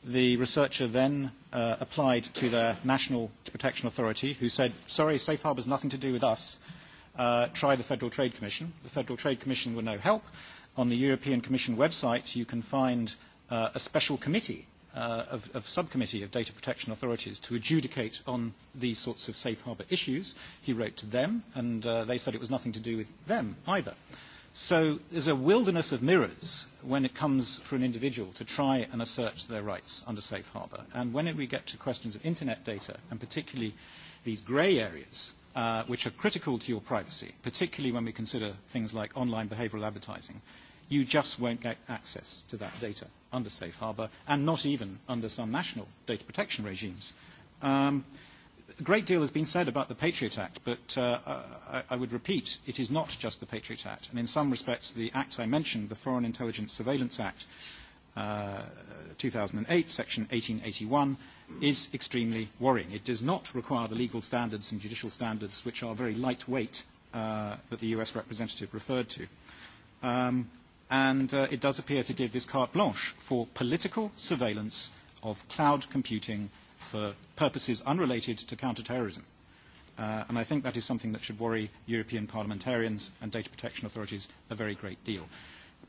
The researcher then applied to their National Protection Authority, who said, sorry, safe harbor has nothing to do with us. Try the Federal Trade Commission. The Federal Trade Commission were no help. On the European Commission website, you can find a special committee of subcommittee of data protection authorities to adjudicate on these sorts of safe harbour issues. He wrote to them, and they said it was nothing to do with them either. So there's a wilderness of mirrors when it comes for an individual to try and assert their rights under safe harbour. And when we get to questions of Internet data, and particularly these grey areas, which are critical to your privacy, particularly when we consider things like online behavioural advertising, you just won't get access to that data under safe harbour and not even under some national data protection regimes. A great deal has been said about the Patriot Act, but I would repeat, it is not just the Patriot Act. And in some respects, the act I mentioned, the Foreign Intelligence Surveillance Act 2008, Section 1881, is extremely worrying. It does not require the legal standards and judicial standards, which are very lightweight, that the U.S. representative referred to and it does appear to give this carte blanche for political surveillance of cloud computing for purposes unrelated to counterterrorism. And I think that is something that should worry European parliamentarians and data protection authorities a very great deal.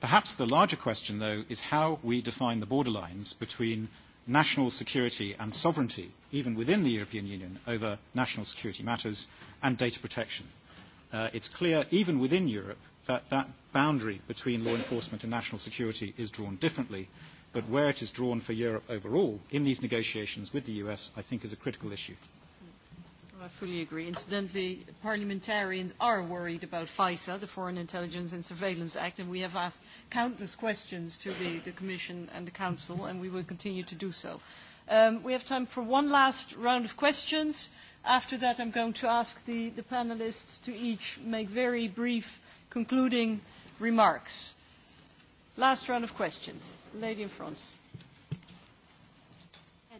Perhaps the larger question, though, is how we define the borderlines between national security and sovereignty, even within the European Union, over national security matters and data protection. It's clear, even within Europe, that that boundary between law enforcement and national security is drawn differently, but where it is drawn for Europe overall in these negotiations with the US, I think, is a critical issue. I fully agree. Incidentally, parliamentarians are worried about FISA, the Foreign Intelligence and Surveillance Act, and we have asked countless questions to the Commission and the Council, and we will continue to do so. We have time for one last round of questions. After that, I'm going to ask the panelists to each make very brief concluding remarks. Last round of questions. Lady in front.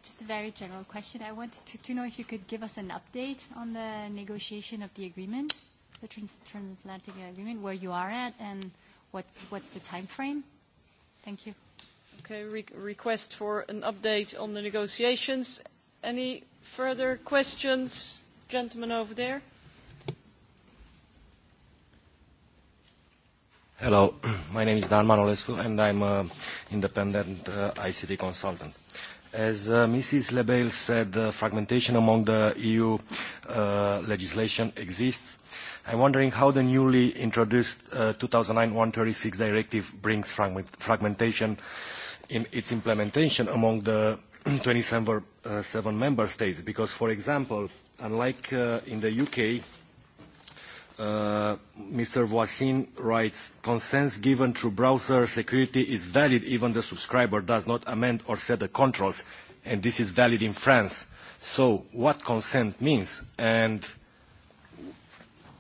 Just a very general question. I wanted to know if you could give us an update on the negotiation of the agreement, the transatlantic agreement, where you are at and what's the time frame. Thank you. Okay. Request for an update on the negotiations. Any further questions? gentlemen over there. Hello, my name is Dan Manolescu and I'm an independent ICT consultant. As Mrs. Lebel said, fragmentation among the EU legislation exists. I'm wondering how the newly introduced 2009-136 directive brings fragmentation in its implementation among the 27 member states. Because, for example, unlike in the UK, Mr. Voisin writes, consent given through browser security is valid even the subscriber does not amend or set the controls, and this is valid in France. So what consent means? And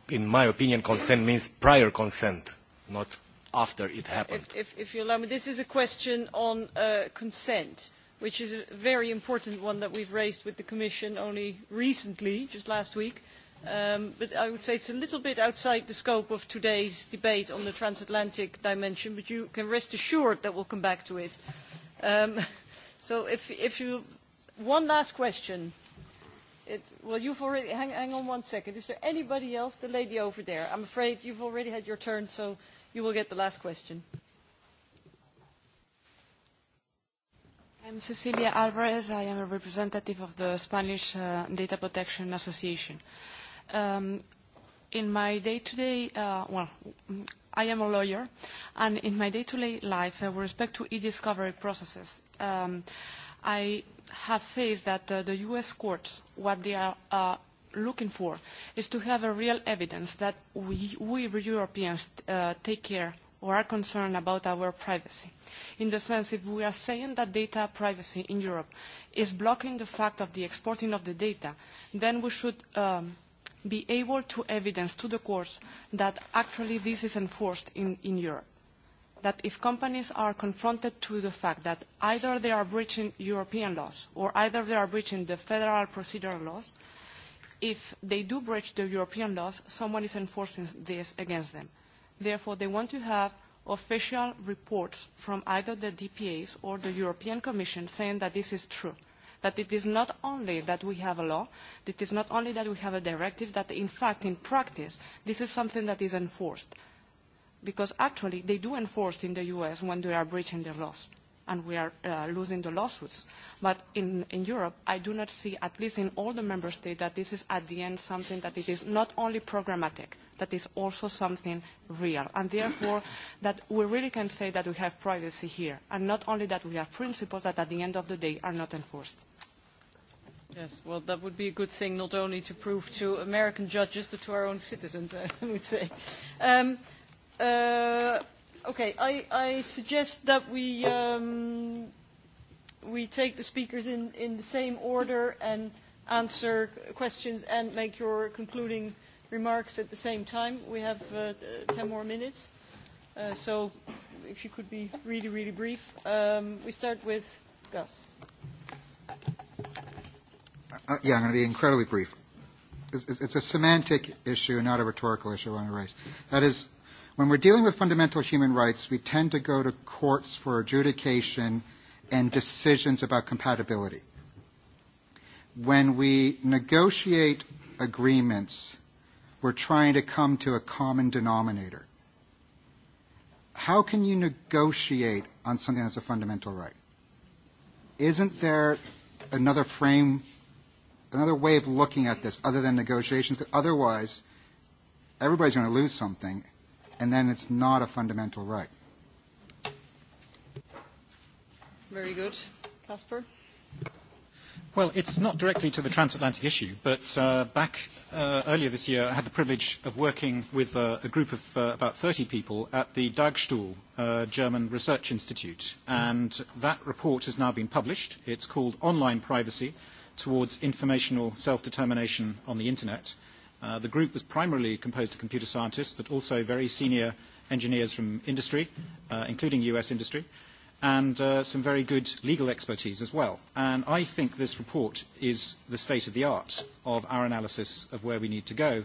in my opinion, consent means prior consent, not after it happened. If you allow me, this is a question on consent, which is a very important one that we've raised with the Commission only recently, just last week but I would say it's a little bit outside the scope of today's debate on the transatlantic dimension, but you can rest assured that we'll come back to it. So if you... One last question. Well, you've already... Hang on one second. Is there anybody else? The lady over there. I'm afraid you've already had your turn, so you will get the last question. I'm Cecilia Alvarez. I am a representative of the Spanish Data Protection Association in my day-to-day, well, I am a lawyer, and in my day-to-day life, with respect to e-discovery processes, I have faced that the U.S. courts, what they are looking for, is to have a real evidence that we, we Europeans, take care or are concerned about our privacy. In the sense, if we are saying that data privacy in Europe is blocking the fact of the exporting of the data, then we should be able to evidence to the courts that actually this is enforced in Europe. That if companies are confronted to the fact that either they are breaching European laws or either they are breaching the federal procedural laws, if they do breach the European laws, someone is enforcing this against them. Therefore, they want to have official reports from either the DPAs or the European Commission saying that this is true that it is not only that we have a law, it is not only that we have a directive, that in fact, in practice, this is something that is enforced. Because actually, they do enforce in the U.S. when they are breaching their laws and we are losing the lawsuits. But in Europe, I do not see, at least in all the member states, that this is at the end something that it is not only programmatic, that is also something real. And therefore, that we really can say that we have privacy here, and not only that we have principles that at the end of the day are not enforced. Yes, well, that would be a good thing not only to prove to American judges, but to our own citizens, I would say. Okay, I, I suggest that we, um, we take the speakers in, in the same order and answer questions and make your concluding remarks at the same time. We have uh, 10 more minutes, uh, so if you could be really, really brief. Um, we start with Gus. Uh, yeah, I'm going to be incredibly brief. It's, it's a semantic issue, not a rhetorical issue I want to raise. That is, When we're dealing with fundamental human rights, we tend to go to courts for adjudication and decisions about compatibility. When we negotiate agreements, we're trying to come to a common denominator. How can you negotiate on something that's a fundamental right? Isn't there another frame, another way of looking at this other than negotiations? Otherwise, everybody's going to lose something and then it's not a fundamental right. Very good. Casper? Well, it's not directly to the transatlantic issue, but back earlier this year, I had the privilege of working with a group of about 30 people at the Dagstuhl German Research Institute, and that report has now been published. It's called Online Privacy Towards Informational Self-Determination on the Internet, The group was primarily composed of computer scientists, but also very senior engineers from industry, including US industry, and some very good legal expertise as well. And I think this report is the state of the art of our analysis of where we need to go,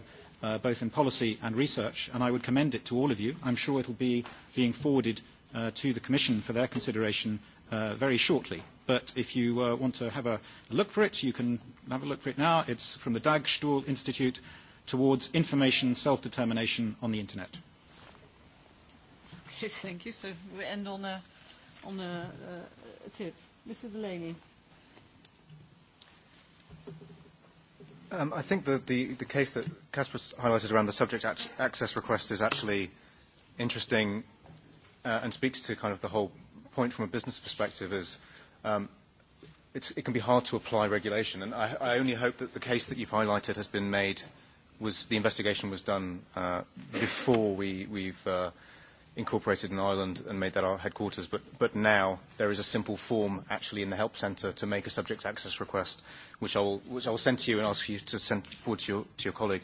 both in policy and research, and I would commend it to all of you. I'm sure it will be being forwarded to the Commission for their consideration very shortly. But if you want to have a look for it, you can have a look for it now. It's from the Dagstuhl Institute towards information self-determination on the Internet. Thank you. So we end on a on a tip. Mr. Delaney. I think that the the case that Casper highlighted around the subject access request is actually interesting and speaks to kind of the whole point from a business perspective is it can be hard to apply regulation. And I only hope that the case that you've highlighted has been made was the investigation was done before we we've incorporated in Ireland and made that our headquarters, but but now there is a simple form actually in the help centre to make a subject access request, which I'll which I'll send to you and ask you to send forward to your to your colleague.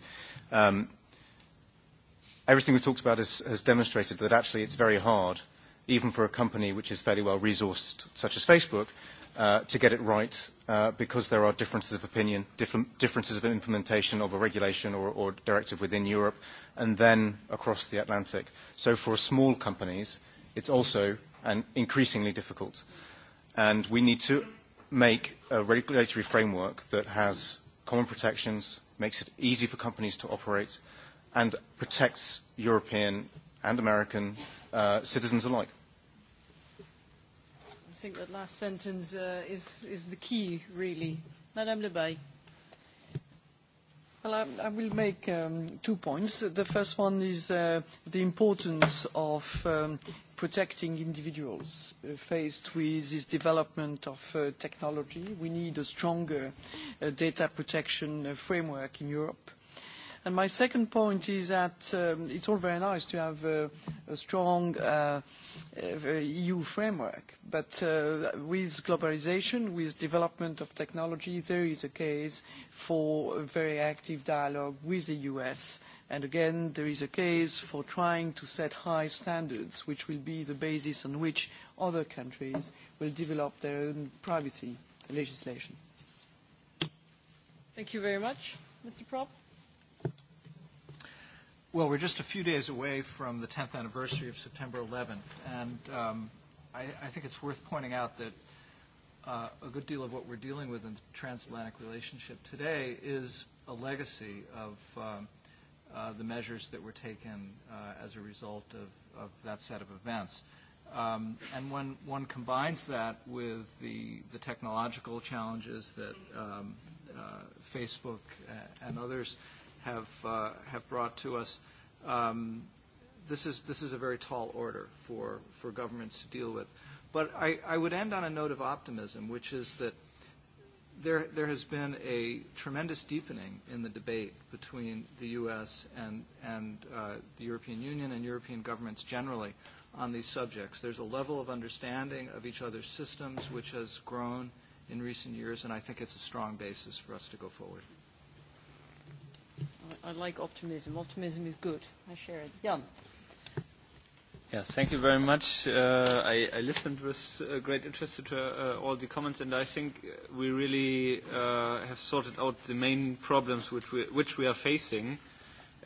Everything we've talked about has demonstrated that actually it's very hard, even for a company which is fairly well resourced, such as Facebook, to get it right because there are differences of opinion, differences of implementation of a regulation or directive within Europe and then across the Atlantic. So for small companies, it's also increasingly difficult. And we need to make a regulatory framework that has common protections, makes it easy for companies to operate, and protects European and American citizens alike think that last sentence is is the key, really. Madame Lebay. Well, I will make two points. The first one is the importance of protecting individuals faced with this development of technology. We need a stronger data protection framework in Europe And my second point is that it's all very nice to have a strong EU framework, but with globalization, with development of technology, there is a case for a very active dialogue with the US. And again, there is a case for trying to set high standards, which will be the basis on which other countries will develop their own privacy legislation. Thank you very much, Mr. Propp? Well, we're just a few days away from the 10th anniversary of September 11th, and um, I, I think it's worth pointing out that uh, a good deal of what we're dealing with in the transatlantic relationship today is a legacy of um, uh, the measures that were taken uh, as a result of, of that set of events. Um, and when one combines that with the, the technological challenges that um, uh, Facebook and others – have have brought to us. This is this is a very tall order for for governments to deal with. But I I would end on a note of optimism, which is that there there has been a tremendous deepening in the debate between the U.S. and and the European Union and European governments generally on these subjects. There's a level of understanding of each other's systems which has grown in recent years, and I think it's a strong basis for us to go forward. I like optimism. Optimism is good. I share it. Jan. Yes, thank you very much. I listened with great interest to all the comments, and I think we really have sorted out the main problems which we are facing.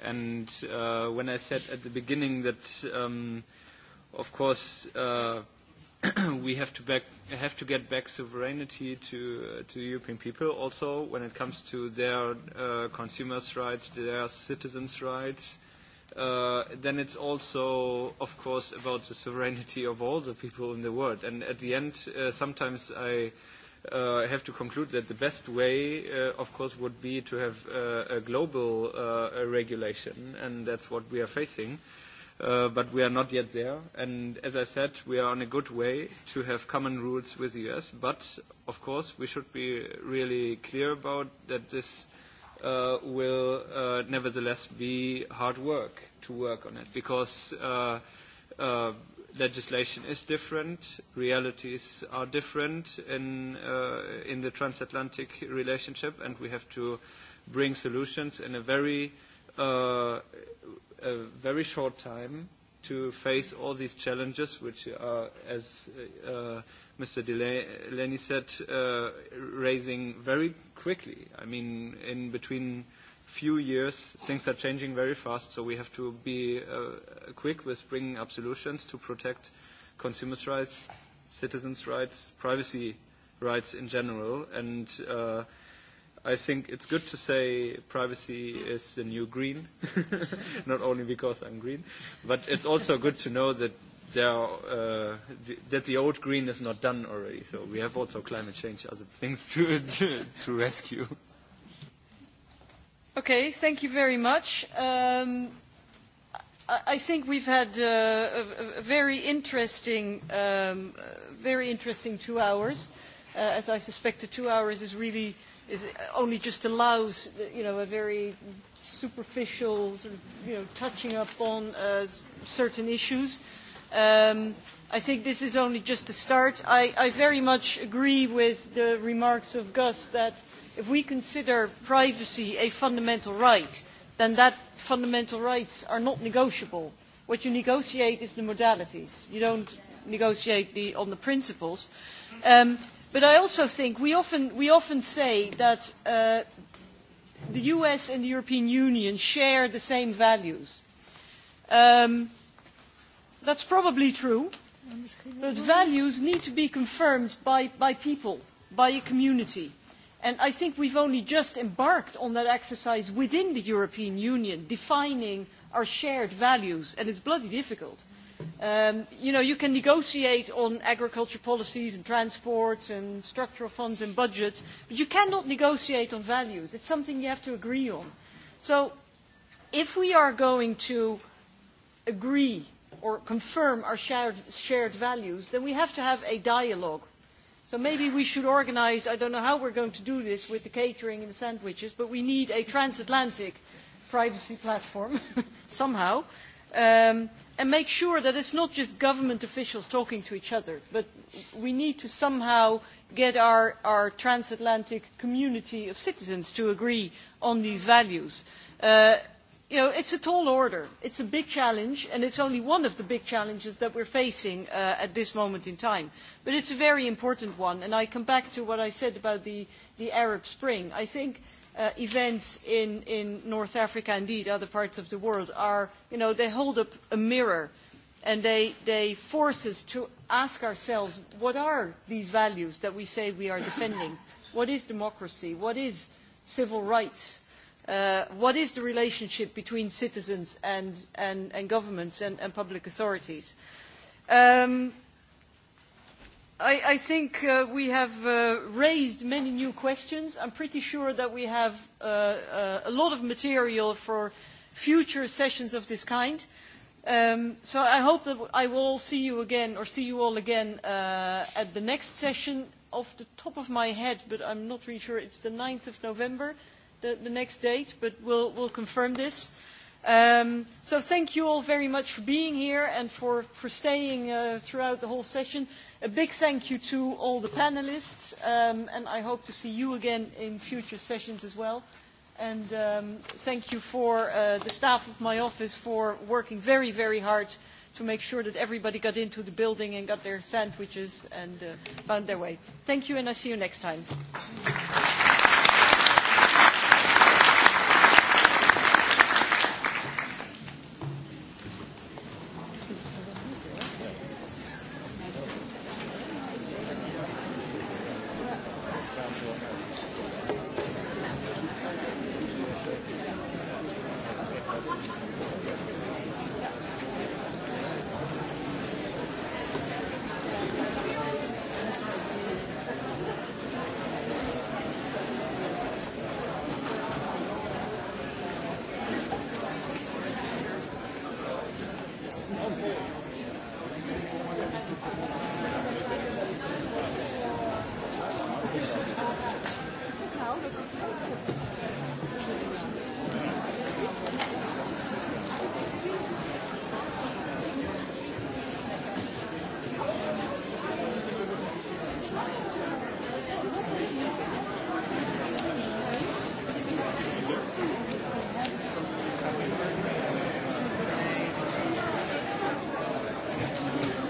And when I said at the beginning that, of course, we have to back have to get back sovereignty to to European people also when it comes to their consumers' rights, their citizens' rights. Then it's also, of course, about the sovereignty of all the people in the world. And at the end, sometimes I have to conclude that the best way, of course, would be to have a global regulation, and that's what we are facing but we are not yet there. And as I said, we are on a good way to have common rules with the US, but of course we should be really clear about that this will nevertheless be hard work to work on it, because legislation is different, realities are different in in the transatlantic relationship, and we have to bring solutions in a very a very short time to face all these challenges, which are, as Mr. Delaney said, raising very quickly. I mean, in between few years, things are changing very fast, so we have to be quick with bringing up solutions to protect consumers' rights, citizens' rights, privacy rights in general, and I think it's good to say privacy is the new green, not only because I'm green, but it's also good to know that the old green is not done already. So we have also climate change, other things to to rescue. Okay, thank you very much. I think we've had a very interesting, very interesting two hours. As I suspect, the two hours is really is only just allows, you know, a very superficial you know, touching up on certain issues. I think this is only just the start. I very much agree with the remarks of Gus that if we consider privacy a fundamental right, then that fundamental rights are not negotiable. What you negotiate is the modalities. You don't negotiate on the principles. But I also think we often say that the US and the European Union share the same values. That's probably true, but values need to be confirmed by people, by a community. And I think we've only just embarked on that exercise within the European Union, defining our shared values, and it's bloody difficult. You know, you can negotiate on agriculture policies and transports and structural funds and budgets, but you cannot negotiate on values. It's something you have to agree on. So if we are going to agree or confirm our shared values, then we have to have a dialogue. So maybe we should organise, I don't know how we're going to do this with the catering and the sandwiches, but we need a transatlantic privacy platform somehow and make sure that it's not just government officials talking to each other, but we need to somehow get our transatlantic community of citizens to agree on these values. It's a tall order, it's a big challenge, and it's only one of the big challenges that we're facing at this moment in time. But it's a very important one, and I come back to what I said about the Arab Spring. I think events in North Africa, indeed other parts of the world, are, you know, they hold up a mirror and they force us to ask ourselves, what are these values that we say we are defending? What is democracy? What is civil rights? What is the relationship between citizens and governments and public authorities? I think we have raised many new questions. I'm pretty sure that we have a lot of material for future sessions of this kind. So I hope that I will see you again, or see you all again at the next session. Off the top of my head, but I'm not really sure, it's the 9th of November, the next date, but we'll confirm this. So thank you all very much for being here and for staying throughout the whole session. A big thank you to all the panelists, and I hope to see you again in future sessions as well. And thank you for the staff of my office for working very, very hard to make sure that everybody got into the building and got their sandwiches and found their way. Thank you, and I see you next time.